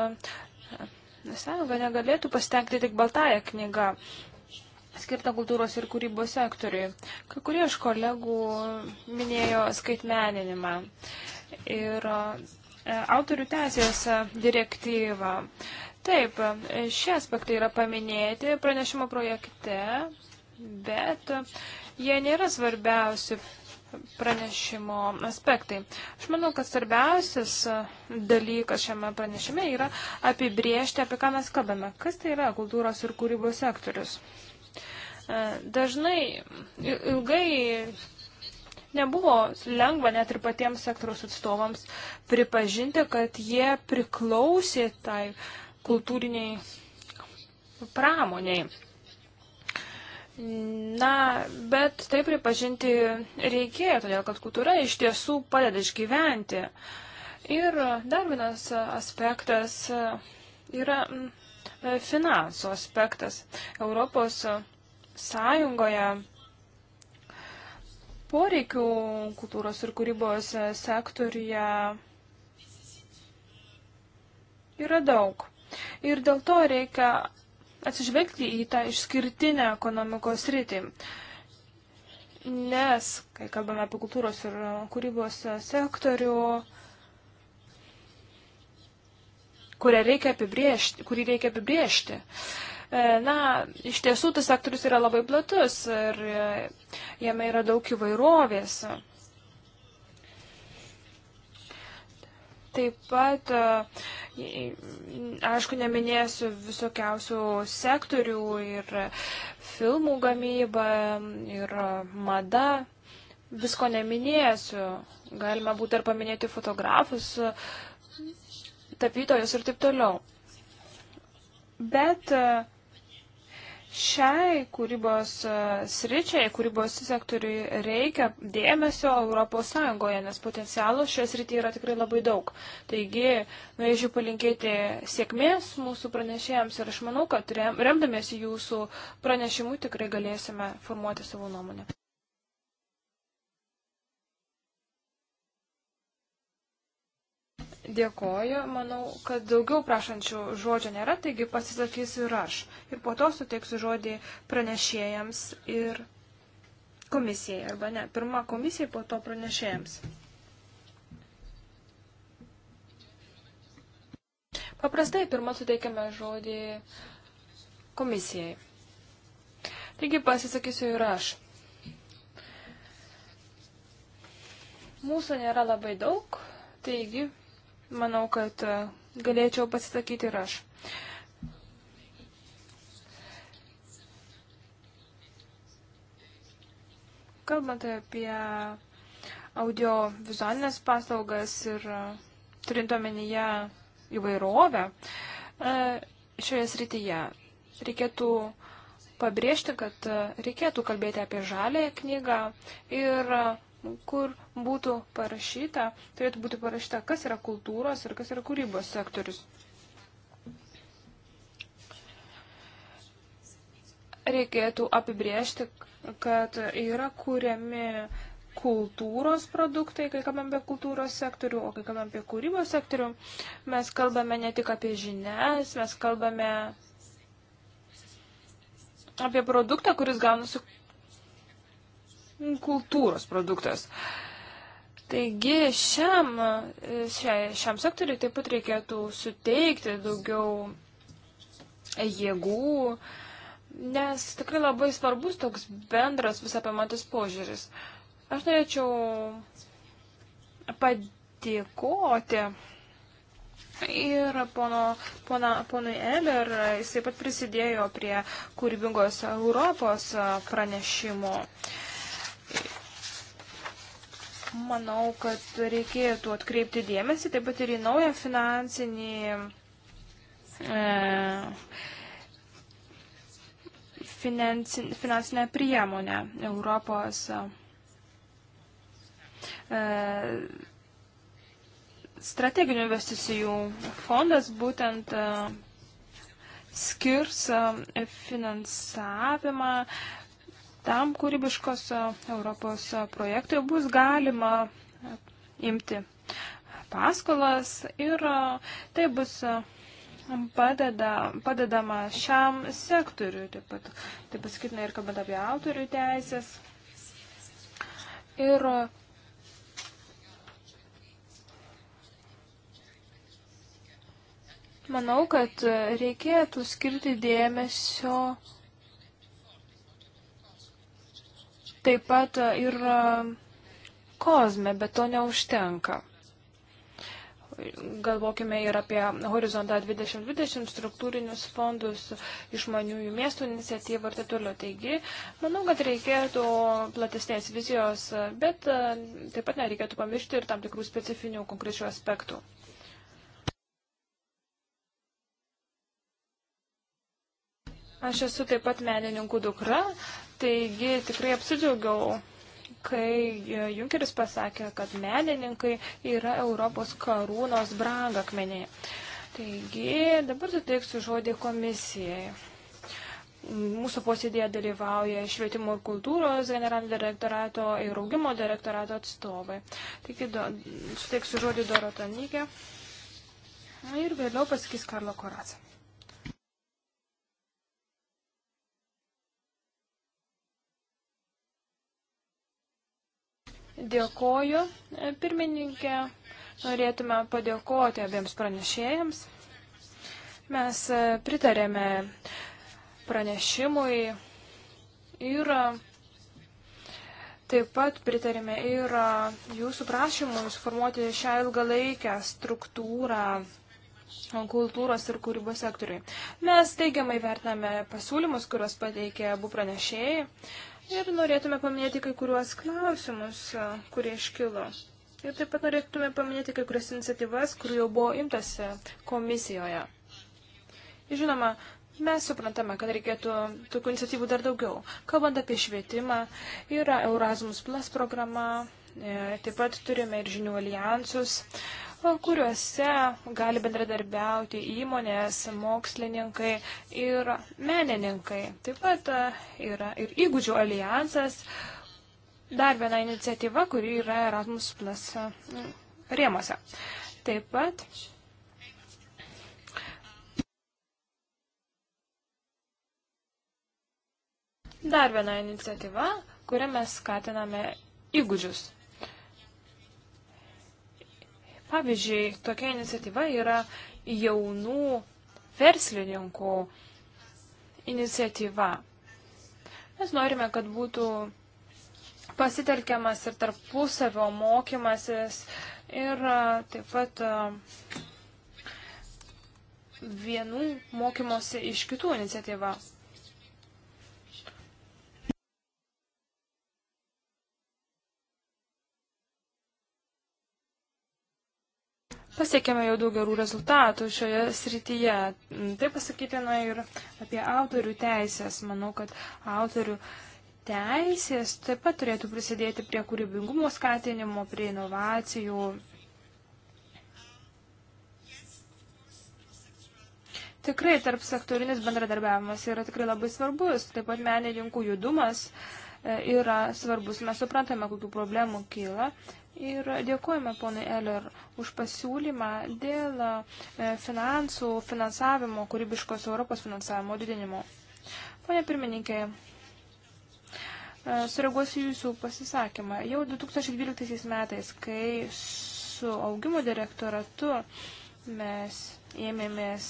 sąjunga negalėtų pasitengti tik baltąją knygą skirtą kultūros ir kūrybos sektoriui. Kai kurie iš kolegų minėjo skaitmeninimą ir e, autorių teisės direktyvą. Taip, šie aspektai yra paminėti pranešimo projekte, bet jie nėra svarbiausi pranešimo aspektai. Aš manau, kad svarbiausias dalykas šiame pranešime yra apibriežti, apie ką mes kalbame. Kas tai yra kultūros ir kūrybos sektorius? Dažnai ilgai nebuvo lengva net ir patiems sektoriaus atstovams pripažinti, kad jie priklausė tai uh, kultūriniai pramoniai. Na, bet tai pripažinti reikėjo, todėl kad kultūra iš tiesų padeda išgyventi. Ir dar vienas aspektas yra mm, finansų aspektas. Europos Sąjungoje poreikių kultūros ir kūrybos sektoriuje yra daug. Ir dėl to reikia atsižvelgti į tą išskirtinę ekonomikos rytį. Nes, kai kalbame apie kultūros ir kūrybos sektorių, reikia kurį reikia apibriežti. E, na, iš tiesų tas sektorius yra labai platus ir jame yra daug įvairovės. Taip pat, e, aišku, neminėsiu visokiausių sektorių ir filmų gamyba ir mada. Visko neminėsiu. Galima būtų ir paminėti fotografus, tapytojus ir taip toliau. Bet uh, Šiai kūrybos e, sričiai, kūrybos sektoriui reikia dėmesio ES, nes potencialo šios srityje yra tikrai labai daug. Taigi, norėčiau palinkėti sėkmės mūsų pranešėjams ir aš manau, kad remdamėsi jūsų pranešimu tikrai galėsime formuoti savo nuomonę. Dėkoju, manau, kad daugiau prašančių žodžio nėra, taigi pasisakysiu ir aš. Ir po to suteiksiu žodį pranešėjams ir komisijai, arba ne, pirmą komisijai, po to pranešėjams. Paprastai pirmą suteikiame žodį komisijai. Taigi pasisakysiu ir aš. Mūsų nėra labai daug, taigi manau, kad e, galėčiau pasisakyti ir aš. Kalbant apie audiovizualinės paslaugas ir e, turint omenyje įvairovę, e, šioje srityje reikėtų pabrėžti, kad reikėtų kalbėti apie žalę knygą ir kur būtų parašyta, turėtų būti parašyta, kas yra kultūros ir kas yra kūrybos sektorius. Reikėtų apibriežti, kad yra kūriami kultūros produktai, kai kalbam apie kultūros sektorių, o kai kalbam apie kūrybos sektorių, mes kalbame ne tik apie žinias, mes kalbame apie produktą, kuris gaunasi kultūros produktas. Uh, Taigi šiam, šiam sektoriui taip pat reikėtų suteikti daugiau jėgų, nes tikrai labai svarbus toks bendras visapimantis požiūris. Aš norėčiau padėkoti ir pono, pona, ponui Eller, jis taip pat prisidėjo prie kūrybingos Europos pranešimo. Manau, kad reikėtų atkreipti dėmesį taip pat ir į naują finansinį, e, finansin, finansinę priemonę Europos e, strateginių investicijų fondas būtent e, skirs e, finansavimą e, Tam kūrybiškos e, Europos e, projektui bus galima e, imti paskolas ir tai bus padeda, padedama šiam sektoriui, taip pat, taip pasakytume ir kalbant apie autorių teisės. Ir manau, kad reikėtų skirti dėmesio taip pat e, ir e, kozme, bet to neužtenka. Galvokime ir apie horizontą 2020, struktūrinius fondus, išmaniųjų miestų iniciatyvą ir taip toliau. Taigi, manau, kad reikėtų platesnės vizijos, e, bet taip pat nereikėtų pamiršti ir tam tikrų specifinių konkrečių aspektų. Aš esu taip pat menininkų dukra, Taigi tikrai apsidžiaugiau, kai e, Junkeris pasakė, kad menininkai yra Europos karūnos brangakmeniai. Taigi dabar suteiksiu žodį komisijai. Mūsų posėdėje dalyvauja švietimo ir kultūros generalinio direktorato ir augimo direktorato atstovai. Taigi do, suteiksiu žodį Dorotanykę ir vėliau pasakys Karlo Koracija. Dėkoju, e, pirmininkė. Norėtume padėkoti abiems pranešėjams. Mes e, pritarėme pranešimui ir e, taip pat pritarėme ir jūsų prašymui suformuoti šią ilgalaikę struktūrą kultūros ir kūrybos sektoriui. Mes teigiamai vertiname pasiūlymus, kuriuos pateikė abu pranešėjai. Ir norėtume paminėti kai kuriuos klausimus, kurie iškilo. Ir taip pat norėtume paminėti kai kurias iniciatyvas, kurių jau buvo imtasi komisijoje. Žinoma, mes suprantame, kad reikėtų tokių iniciatyvų dar daugiau. Kalbant apie švietimą, yra Erasmus Plus programa, e, taip pat turime ir žinių alijansus, kuriuose gali bendradarbiauti įmonės, mokslininkai ir menininkai. Taip pat e, yra ir įgūdžių alijansas, dar viena iniciatyva, kuri yra Erasmus Plus e, rėmose. Taip pat Dar viena iniciatyva, kurią mes skatiname įgūdžius. Pavyzdžiui, tokia iniciatyva yra jaunų verslininkų iniciatyva. Mes norime, kad būtų pasitelkiamas ir tarpusavio mokymasis ir taip pat vienų mokymosi iš kitų iniciatyva. pasiekėme jau daug gerų rezultatų šioje srityje. Mm, tai pasakytina ir apie autorių teisės. Manau, kad autorių teisės taip pat turėtų prisidėti prie kūrybingumo skatinimo, prie inovacijų. Tikrai tarp sektorinis bendradarbiavimas yra tikrai labai svarbus. Taip pat menininkų judumas e, yra svarbus. Mes suprantame, kokių problemų kyla Ir dėkojame ponai Eller už pasiūlymą dėl e, finansų, finansavimo, kūrybiškos Europos finansavimo didinimo. Pone pirmininkė, e, sureaguosiu jūsų pasisakymą. Jau 2012 metais, kai su augimo direktoratu mes ėmėmės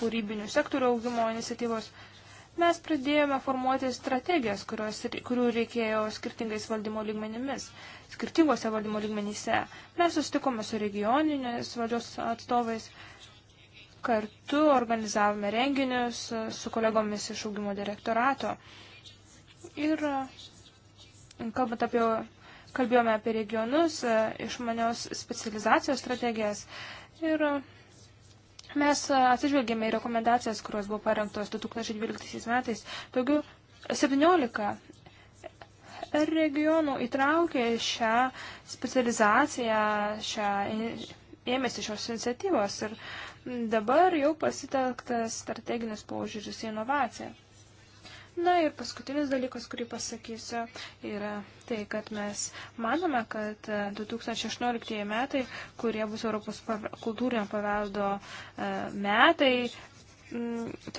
kūrybinių sektorių augimo iniciatyvos, Mes pradėjome formuoti strategijas, kurios, kurių reikėjo skirtingais valdymo lygmenimis, skirtingose valdymo lygmenyse. Mes sustikome su regioninės valdžios atstovais, kartu organizavome renginius su kolegomis iš augimo direktorato. Ir kalbant apie, kalbėjome apie regionus, išmanios specializacijos strategijas ir mes atsižvelgėme į rekomendacijas, kurios buvo parengtos 2012 metais. Daugiau 17 regionų įtraukė šią specializaciją, šią ėmėsi šios iniciatyvos ir dabar jau pasitelktas strateginis požiūris į inovaciją. Na ir paskutinis dalykas, kurį pasakysiu, yra tai, kad mes manome, kad 2016 metai, kurie bus Europos kultūrinio paveldo e, metai,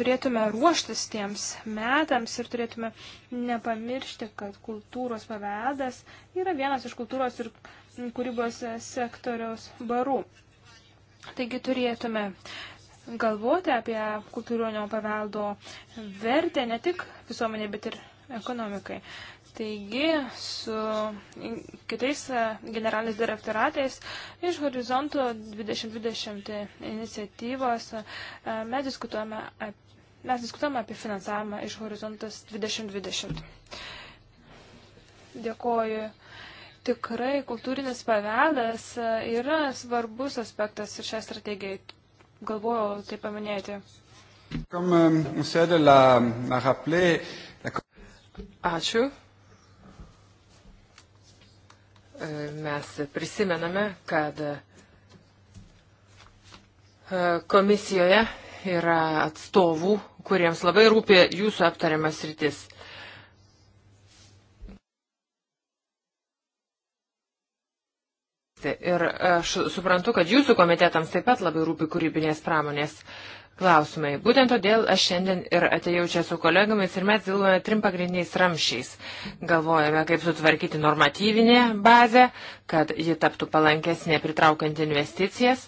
turėtume ruoštis tiems metams ir turėtume nepamiršti, kad kultūros paveldas yra vienas iš kultūros ir kūrybos sektoriaus barų. Taigi turėtume galvoti apie kultūrinio paveldo vertę ne tik visuomenė, bet ir ekonomikai. Taigi, su kitais e, generaliniais direktoratais iš Horizonto 2020 iniciatyvos e, mes diskutuojame, apie, mes diskutuojame apie finansavimą iš Horizontas 2020. Dėkoju tikrai kultūrinis paveldas e, yra svarbus aspektas ir šią strategiją galvojau tai paminėti. Euh, Ačiū. E, mes prisimename, kad e, komisijoje yra atstovų, kuriems labai rūpi jūsų aptariamas rytis. Ir aš suprantu, kad jūsų komitetams taip pat labai rūpi kūrybinės pramonės klausimai. Būtent todėl aš šiandien ir atėjau čia su kolegomis ir mes dirbame trim pagrindiniais ramšiais. Galvojame, kaip sutvarkyti normatyvinę bazę, kad ji taptų palankesnė pritraukiant investicijas.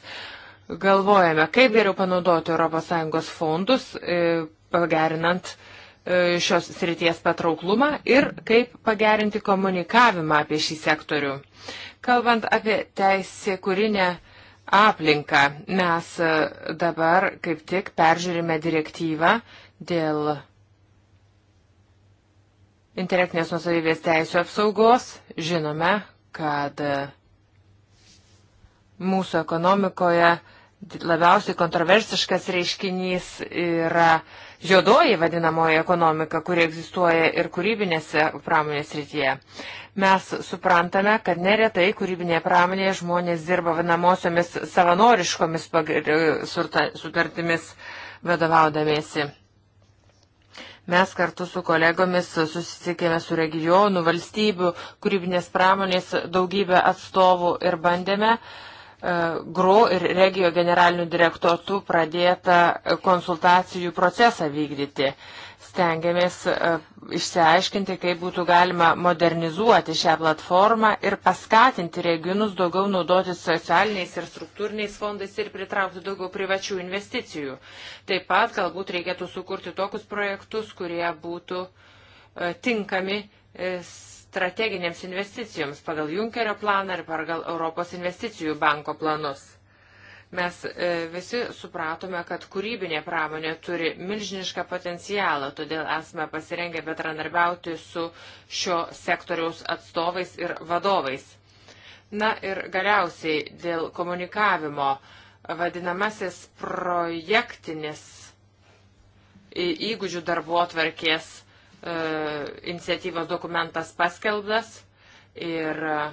Galvojame, kaip geriau panaudoti ES fondus, e, pagerinant e, E, šios srities patrauklumą ir kaip pagerinti komunikavimą apie šį sektorių. Kalbant apie teisė kūrinę aplinką, mes e, dabar kaip tik peržiūrime direktyvą dėl intelektinės nusavybės teisų apsaugos. Žinome, kad e, mūsų ekonomikoje labiausiai kontroversiškas reiškinys yra uh, žiodoji vadinamoji ekonomika, kuri egzistuoja ir kūrybinėse pramonės rytyje. Mes suprantame, kad neretai kūrybinėje pramonėje žmonės dirba vadinamosiomis savanoriškomis sutartimis vadovaudamėsi. Mes kartu su kolegomis susitikėme su regionų, valstybių, kūrybinės pramonės daugybę atstovų ir bandėme uh, E, GRO ir regio generalinių direktoratų pradėtą konsultacijų procesą vykdyti. Stengiamės e, išsiaiškinti, kaip būtų galima modernizuoti šią platformą ir paskatinti regionus daugiau naudoti socialiniais ir struktūriniais fondais ir pritraukti daugiau privačių investicijų. Taip pat galbūt reikėtų sukurti tokius projektus, kurie būtų e, tinkami strateginėms investicijoms pagal Junkerio planą ir pagal Europos investicijų banko planus. Mes e, visi supratome, kad kūrybinė pramonė turi milžinišką potencialą, todėl esame pasirengę bendradarbiauti su šio sektoriaus atstovais ir vadovais. Na ir galiausiai dėl komunikavimo vadinamasis projektinis įgūdžių darbo atverkės E, iniciatyvos dokumentas paskelbtas ir e,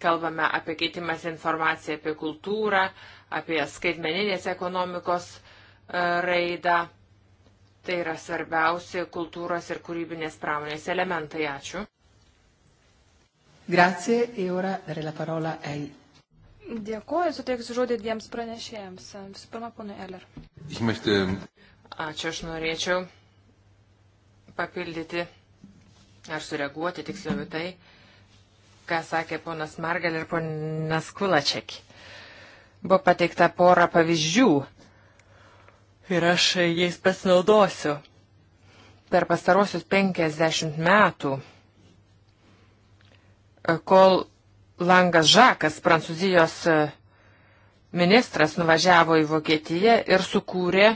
kalbame apie keitimas informaciją apie kultūrą, apie skaitmeninės ekonomikos e, raidą. Tai yra svarbiausi kultūros ir kūrybinės pramonės elementai. Ačiū. Grazie, e ora dare la parola ai. Dėkuoju, suteiksiu žodį dviems pranešėjams. Visų pirma, ponui Eller. Ačiū, aš norėčiau papildyti ar sureaguoti tiksliau į tai, ką sakė ponas Margal ir ponas Kulaček. Buvo pateikta pora pavyzdžių ir aš jais pasinaudosiu. Per pastarosius 50 metų, kol Langas Žakas, prancūzijos ministras, nuvažiavo į Vokietiją ir sukūrė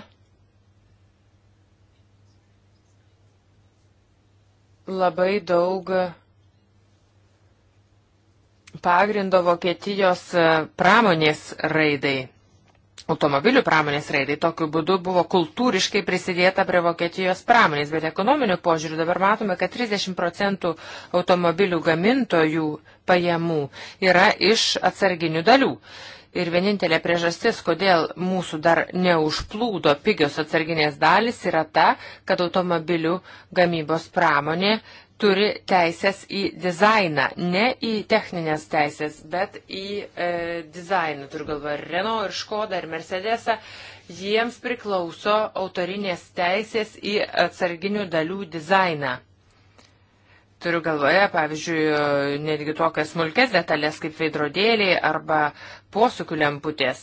labai daug pagrindo Vokietijos e, pramonės raidai, automobilių pramonės raidai. Tokiu būdu buvo kultūriškai prisidėta prie Vokietijos pramonės, bet ekonominiu požiūriu dabar matome, kad 30 procentų automobilių gamintojų pajamų yra iš atsarginių dalių. Ir vienintelė priežastis, kodėl mūsų dar neužplūdo pigios atsarginės dalis, yra ta, kad automobilių gamybos pramonė turi teisės į dizainą, ne į techninės teisės, bet į e, dizainą. Turiu galvoje ir Renault, ir Škoda, ir Mercedesą. Jiems priklauso autorinės teisės į atsarginių dalių dizainą. Turiu galvoje, pavyzdžiui, netgi tokias smulkes detalės kaip veidrodėliai arba posūkių lemputės.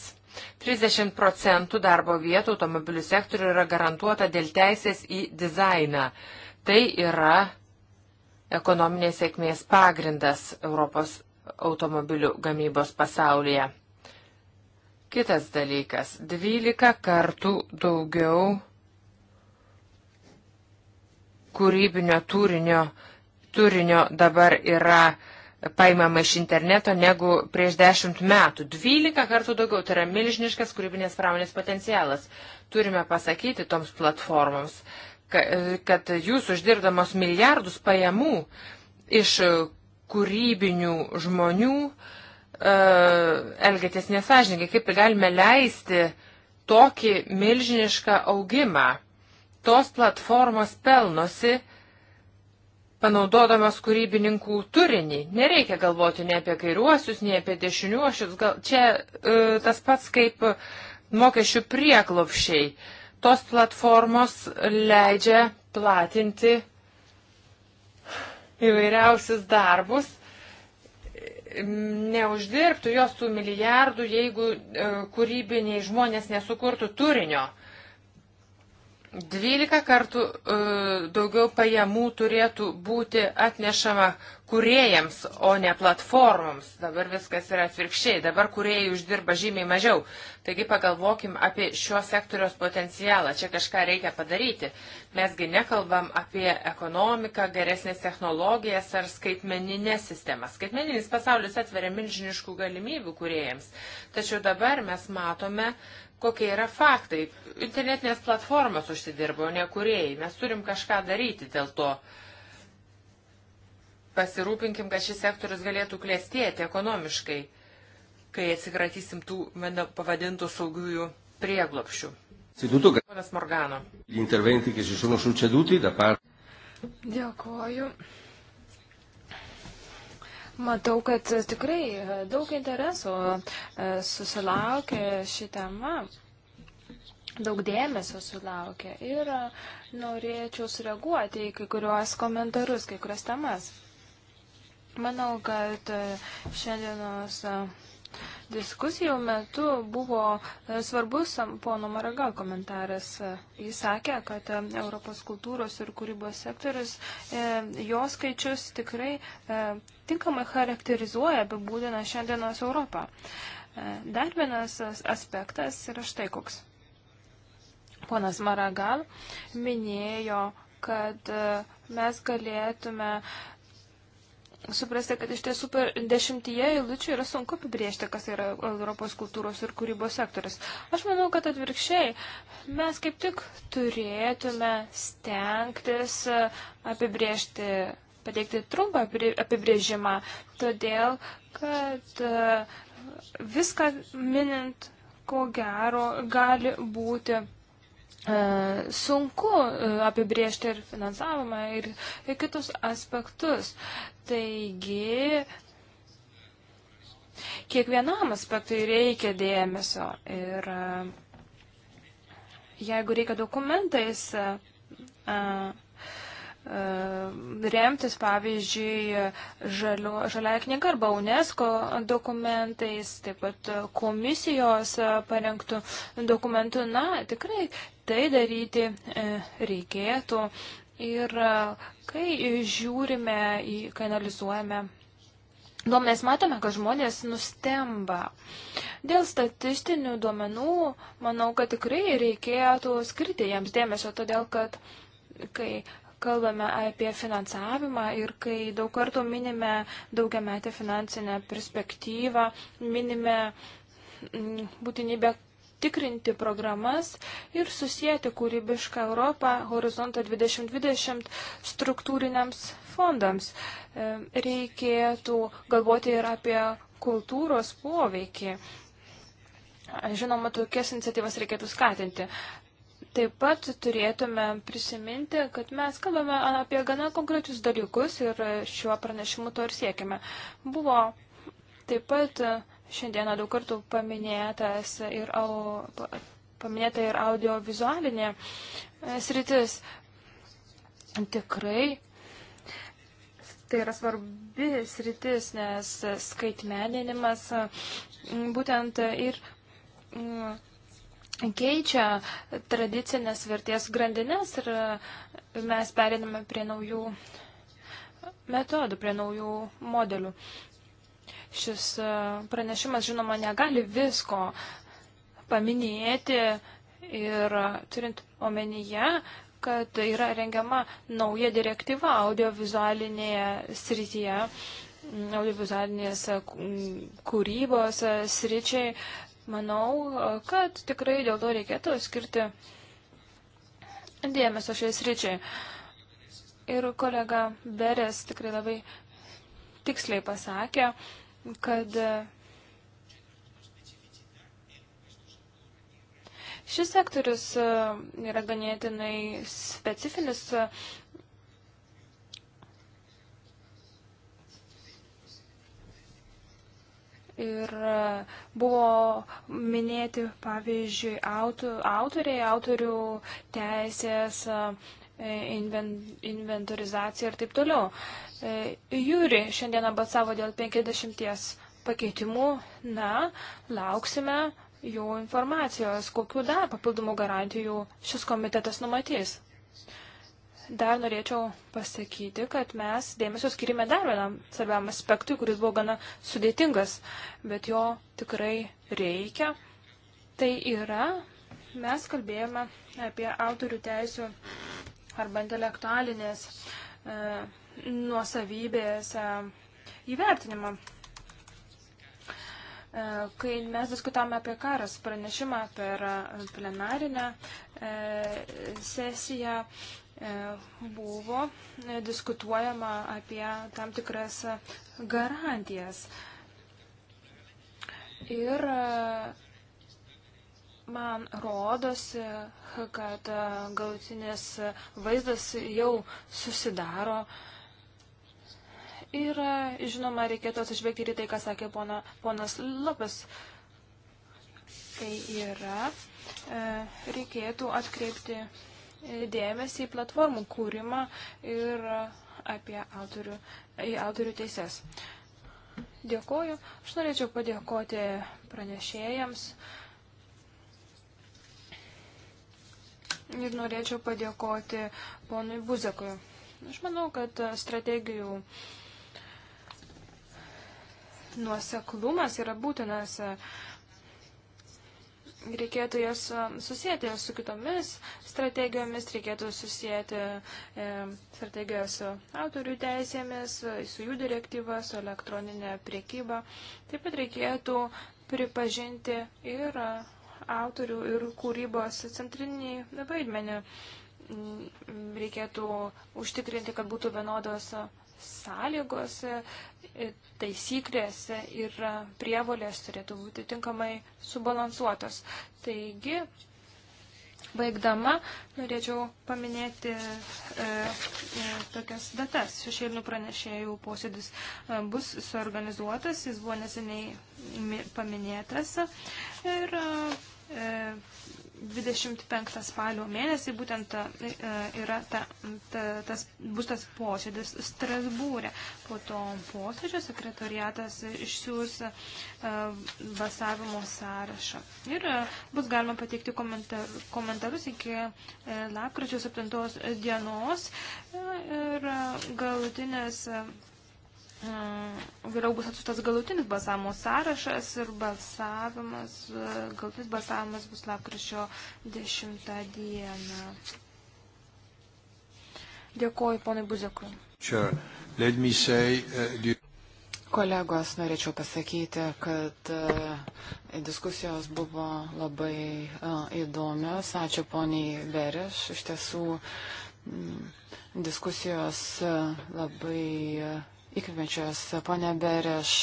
30 procentų darbo vietų automobilių sektorių yra garantuota dėl teisės į dizainą. Tai yra ekonominės sėkmės pagrindas Europos automobilių gamybos pasaulyje. Kitas dalykas - 12 kartų daugiau kūrybinio turinio uh, turinio dabar yra paimama iš interneto negu prieš dešimt metų. Dvylika kartų daugiau, tai yra milžiniškas kūrybinės pramonės potencialas. Turime pasakyti toms platformoms, kad jūs uždirbdamos milijardus pajamų iš kūrybinių žmonių e, elgėtės nesažininkai, kaip galime leisti tokį milžinišką augimą. Tos platformos pelnosi, uh, panaudodamas kūrybininkų turinį. Nereikia galvoti nei apie kairiuosius, nei apie dešiniuosius. Gal čia e, tas pats kaip mokesčių prieklopšiai. Tos platformos leidžia platinti įvairiausius darbus. Neuždirbtų jos tų milijardų, jeigu e, kūrybiniai žmonės nesukurtų turinio. E, 12 kartų e, daugiau pajamų turėtų būti atnešama kuriejams, o ne platformoms. Dabar viskas yra atvirkščiai. Dabar kuriejai uždirba žymiai mažiau. Taigi pagalvokim apie šio sektoriaus potencialą. Čia kažką reikia padaryti. Mesgi nekalbam apie ekonomiką, geresnės technologijas ar skaitmeninės sistemas. Skaitmeninis pasaulis atveria milžiniškų galimybių kuriejams. Tačiau dabar mes matome, kokie yra faktai. Internetinės platformos užsidirbo, ne kuriejai. Mes turim kažką daryti dėl to. Pasirūpinkim, kad šis sektorius galėtų klėstėti ekonomiškai, kai atsikratysim tų mano pavadintų saugiųjų prieglopšių. Ponas Morgano. Dėkoju Matau, kad tikrai e, daug interesų e, susilaukė ši tema, daug dėmesio sulaukė ir e, norėčiau sureaguoti į kai kuriuos komentarus, kai kurias temas. Manau, kad šiandienos Diskusijų metu buvo e, svarbus pono Maragal komentaras. E, jis sakė, kad e, Europos kultūros ir kūrybos sektorius jo skaičius tikrai tinkamai charakterizuoja, apibūdina šiandienos Europą. Dar vienas aspektas yra štai koks. Ponas Maragal minėjo, kad mes galėtume uh, suprasti, kad iš tiesų per dešimtyje eilučių yra sunku apibriežti, kas yra Europos kultūros ir kūrybos sektoris. Aš manau, kad atvirkščiai mes kaip tik turėtume stengtis apibriežti, pateikti trumpą apibrėžimą, todėl kad e, viską minint, ko gero, gali būti E, sunku e, apibriežti ir finansavimą ir, ir kitus aspektus. Taigi, kiekvienam aspektui reikia dėmesio ir e, jeigu reikia dokumentais E, remtis, pavyzdžiui, žalio, žalia knyga arba UNESCO dokumentais, taip pat komisijos parengtų dokumentų. Na, tikrai tai daryti e, reikėtų. Ir e, kai žiūrime, į, kai analizuojame duomenės, matome, kad žmonės nustemba. Dėl statistinių duomenų, manau, kad tikrai reikėtų skirti jiems dėmesio, todėl kad kai kalbame apie finansavimą ir kai daug kartų minime daugiametę finansinę perspektyvą, minime mm, būtinybę tikrinti programas ir susijęti kūrybišką Europą horizontą 2020 struktūriniams fondams. E, reikėtų galvoti ir apie kultūros poveikį. Žinoma, tokias iniciatyvas reikėtų skatinti. Taip pat turėtume prisiminti, kad mes kalbame apie gana konkrečius dalykus ir šiuo pranešimu to ir siekime. Buvo taip pat šiandieną daug kartų paminėtas ir, au, paminėta ir audiovizualinė e, sritis. Tikrai. Tai yra svarbi sritis, nes skaitmeninimas būtent ir. Mm, keičia tradicinės vertės grandinės ir mes periname prie naujų metodų, prie naujų modelių. Šis e, pranešimas, žinoma, negali visko paminėti ir turint omenyje, kad yra rengiama nauja direktyva audiovizualinėje srityje, audiovizualinės kūrybos e, sričiai, Manau, kad tikrai dėl to reikėtų skirti dėmesio šiais ryčiai. Ir kolega Beres tikrai labai tiksliai pasakė, kad šis sektorius yra ganėtinai specifinis ir e, buvo minėti, pavyzdžiui, autoriai, autorių teisės, e, inventorizacija ir taip toliau. E, Jūri šiandieną balsavo dėl 50 pakeitimų. Na, lauksime jo informacijos, kokiu dar papildomų garantijų šis komitetas numatys. Dar norėčiau pasakyti, kad mes dėmesio skirime dar vienam svarbiam aspektui, kuris buvo gana sudėtingas, bet jo tikrai reikia. Tai yra, mes kalbėjome apie autorių teisų arba intelektualinės e, nuosavybės e, įvertinimą. E, kai mes diskutavome apie karas pranešimą per e, plenarinę e, sesiją, E, buvo diskutuojama apie tam tikras garantijas. Ir e, man rodosi, kad galutinis vaizdas jau susidaro. Ir, e, žinoma, reikėtų atsižvelgti ir tai, ką sakė pona, ponas Lopes. Tai yra, reikėtų atkreipti dėmesį į platformų kūrimą ir apie autorių, į autorių teises. Dėkoju. Aš norėčiau padėkoti pranešėjams. Ir norėčiau padėkoti ponui Buzekui. Aš manau, kad strategijų nuoseklumas yra būtinas reikėtų jas susijęti su kitomis strategijomis, reikėtų susijęti e, strategiją su autorių teisėmis, su jų direktyva, su elektroninė priekyba. Taip pat reikėtų pripažinti ir autorių ir kūrybos centrinį vaidmenį. Mm, reikėtų užtikrinti, kad būtų vienodos sąlygos, e, taisyklės ir prievolės turėtų būti tinkamai subalansuotos. Taigi, baigdama, norėčiau paminėti e, e, tokias datas. Šešėlinių pranešėjų posėdis e, bus suorganizuotas, jis buvo neseniai paminėtas. Ir e, 25 e, spalio mėnesį būtent ta, e, yra ta, ta, tas, bus tas posėdis Strasbūrė. Po to posėdžio sekretariatas išsiūs e, basavimo sąrašą. Ir bus galima pateikti komentar, komentarus iki lapkričio 7 dienos ir galutinės Mm, vėliau bus atsustas galutinis balsavimo sąrašas ir balsavimas, galutinis balsavimas bus lapkričio 10 dieną. Dėkuoju, ponai Buzekui. Sure. Say, uh, you... Kolegos, norėčiau pasakyti, kad uh, diskusijos buvo labai uh, įdomios. Ačiū poniai Vereš. Iš tiesų, mm, diskusijos uh, labai. Uh, įkvepiančios. Pone Bereš,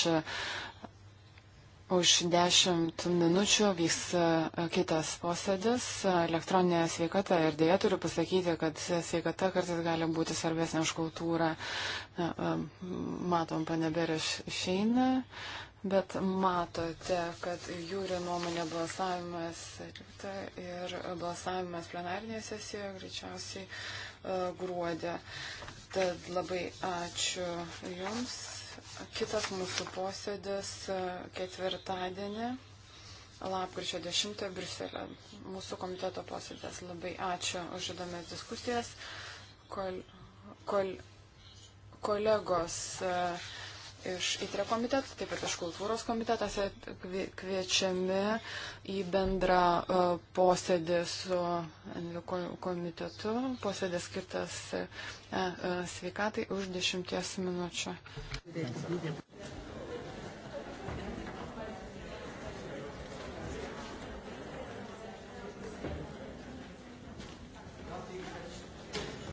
už dešimt minučių vyks e, kitas posėdis. Elektroninė sveikata ir dėja turiu pasakyti, kad sveikata kartais gali būti svarbesnė už kultūrą. E, matom, pane Bereš išeina. Bet matote, kad jūri nuomonė balsavimas ir balsavimas plenarinėje sesijoje greičiausiai uh, E, gruodį. Tad labai ačiū Jums. Kitas mūsų posėdis e, ketvirtadienį, lapkričio 10 Briuselė. Mūsų komiteto posėdis. Labai ačiū už įdomias diskusijas. Kol, kol, kolegos. Uh, iš ITRE komiteto, taip pat iš kultūros komitetas kviečiami į bendrą e, posėdį su komitetu. Posėdis skirtas e, e, sveikatai už dešimties minučių.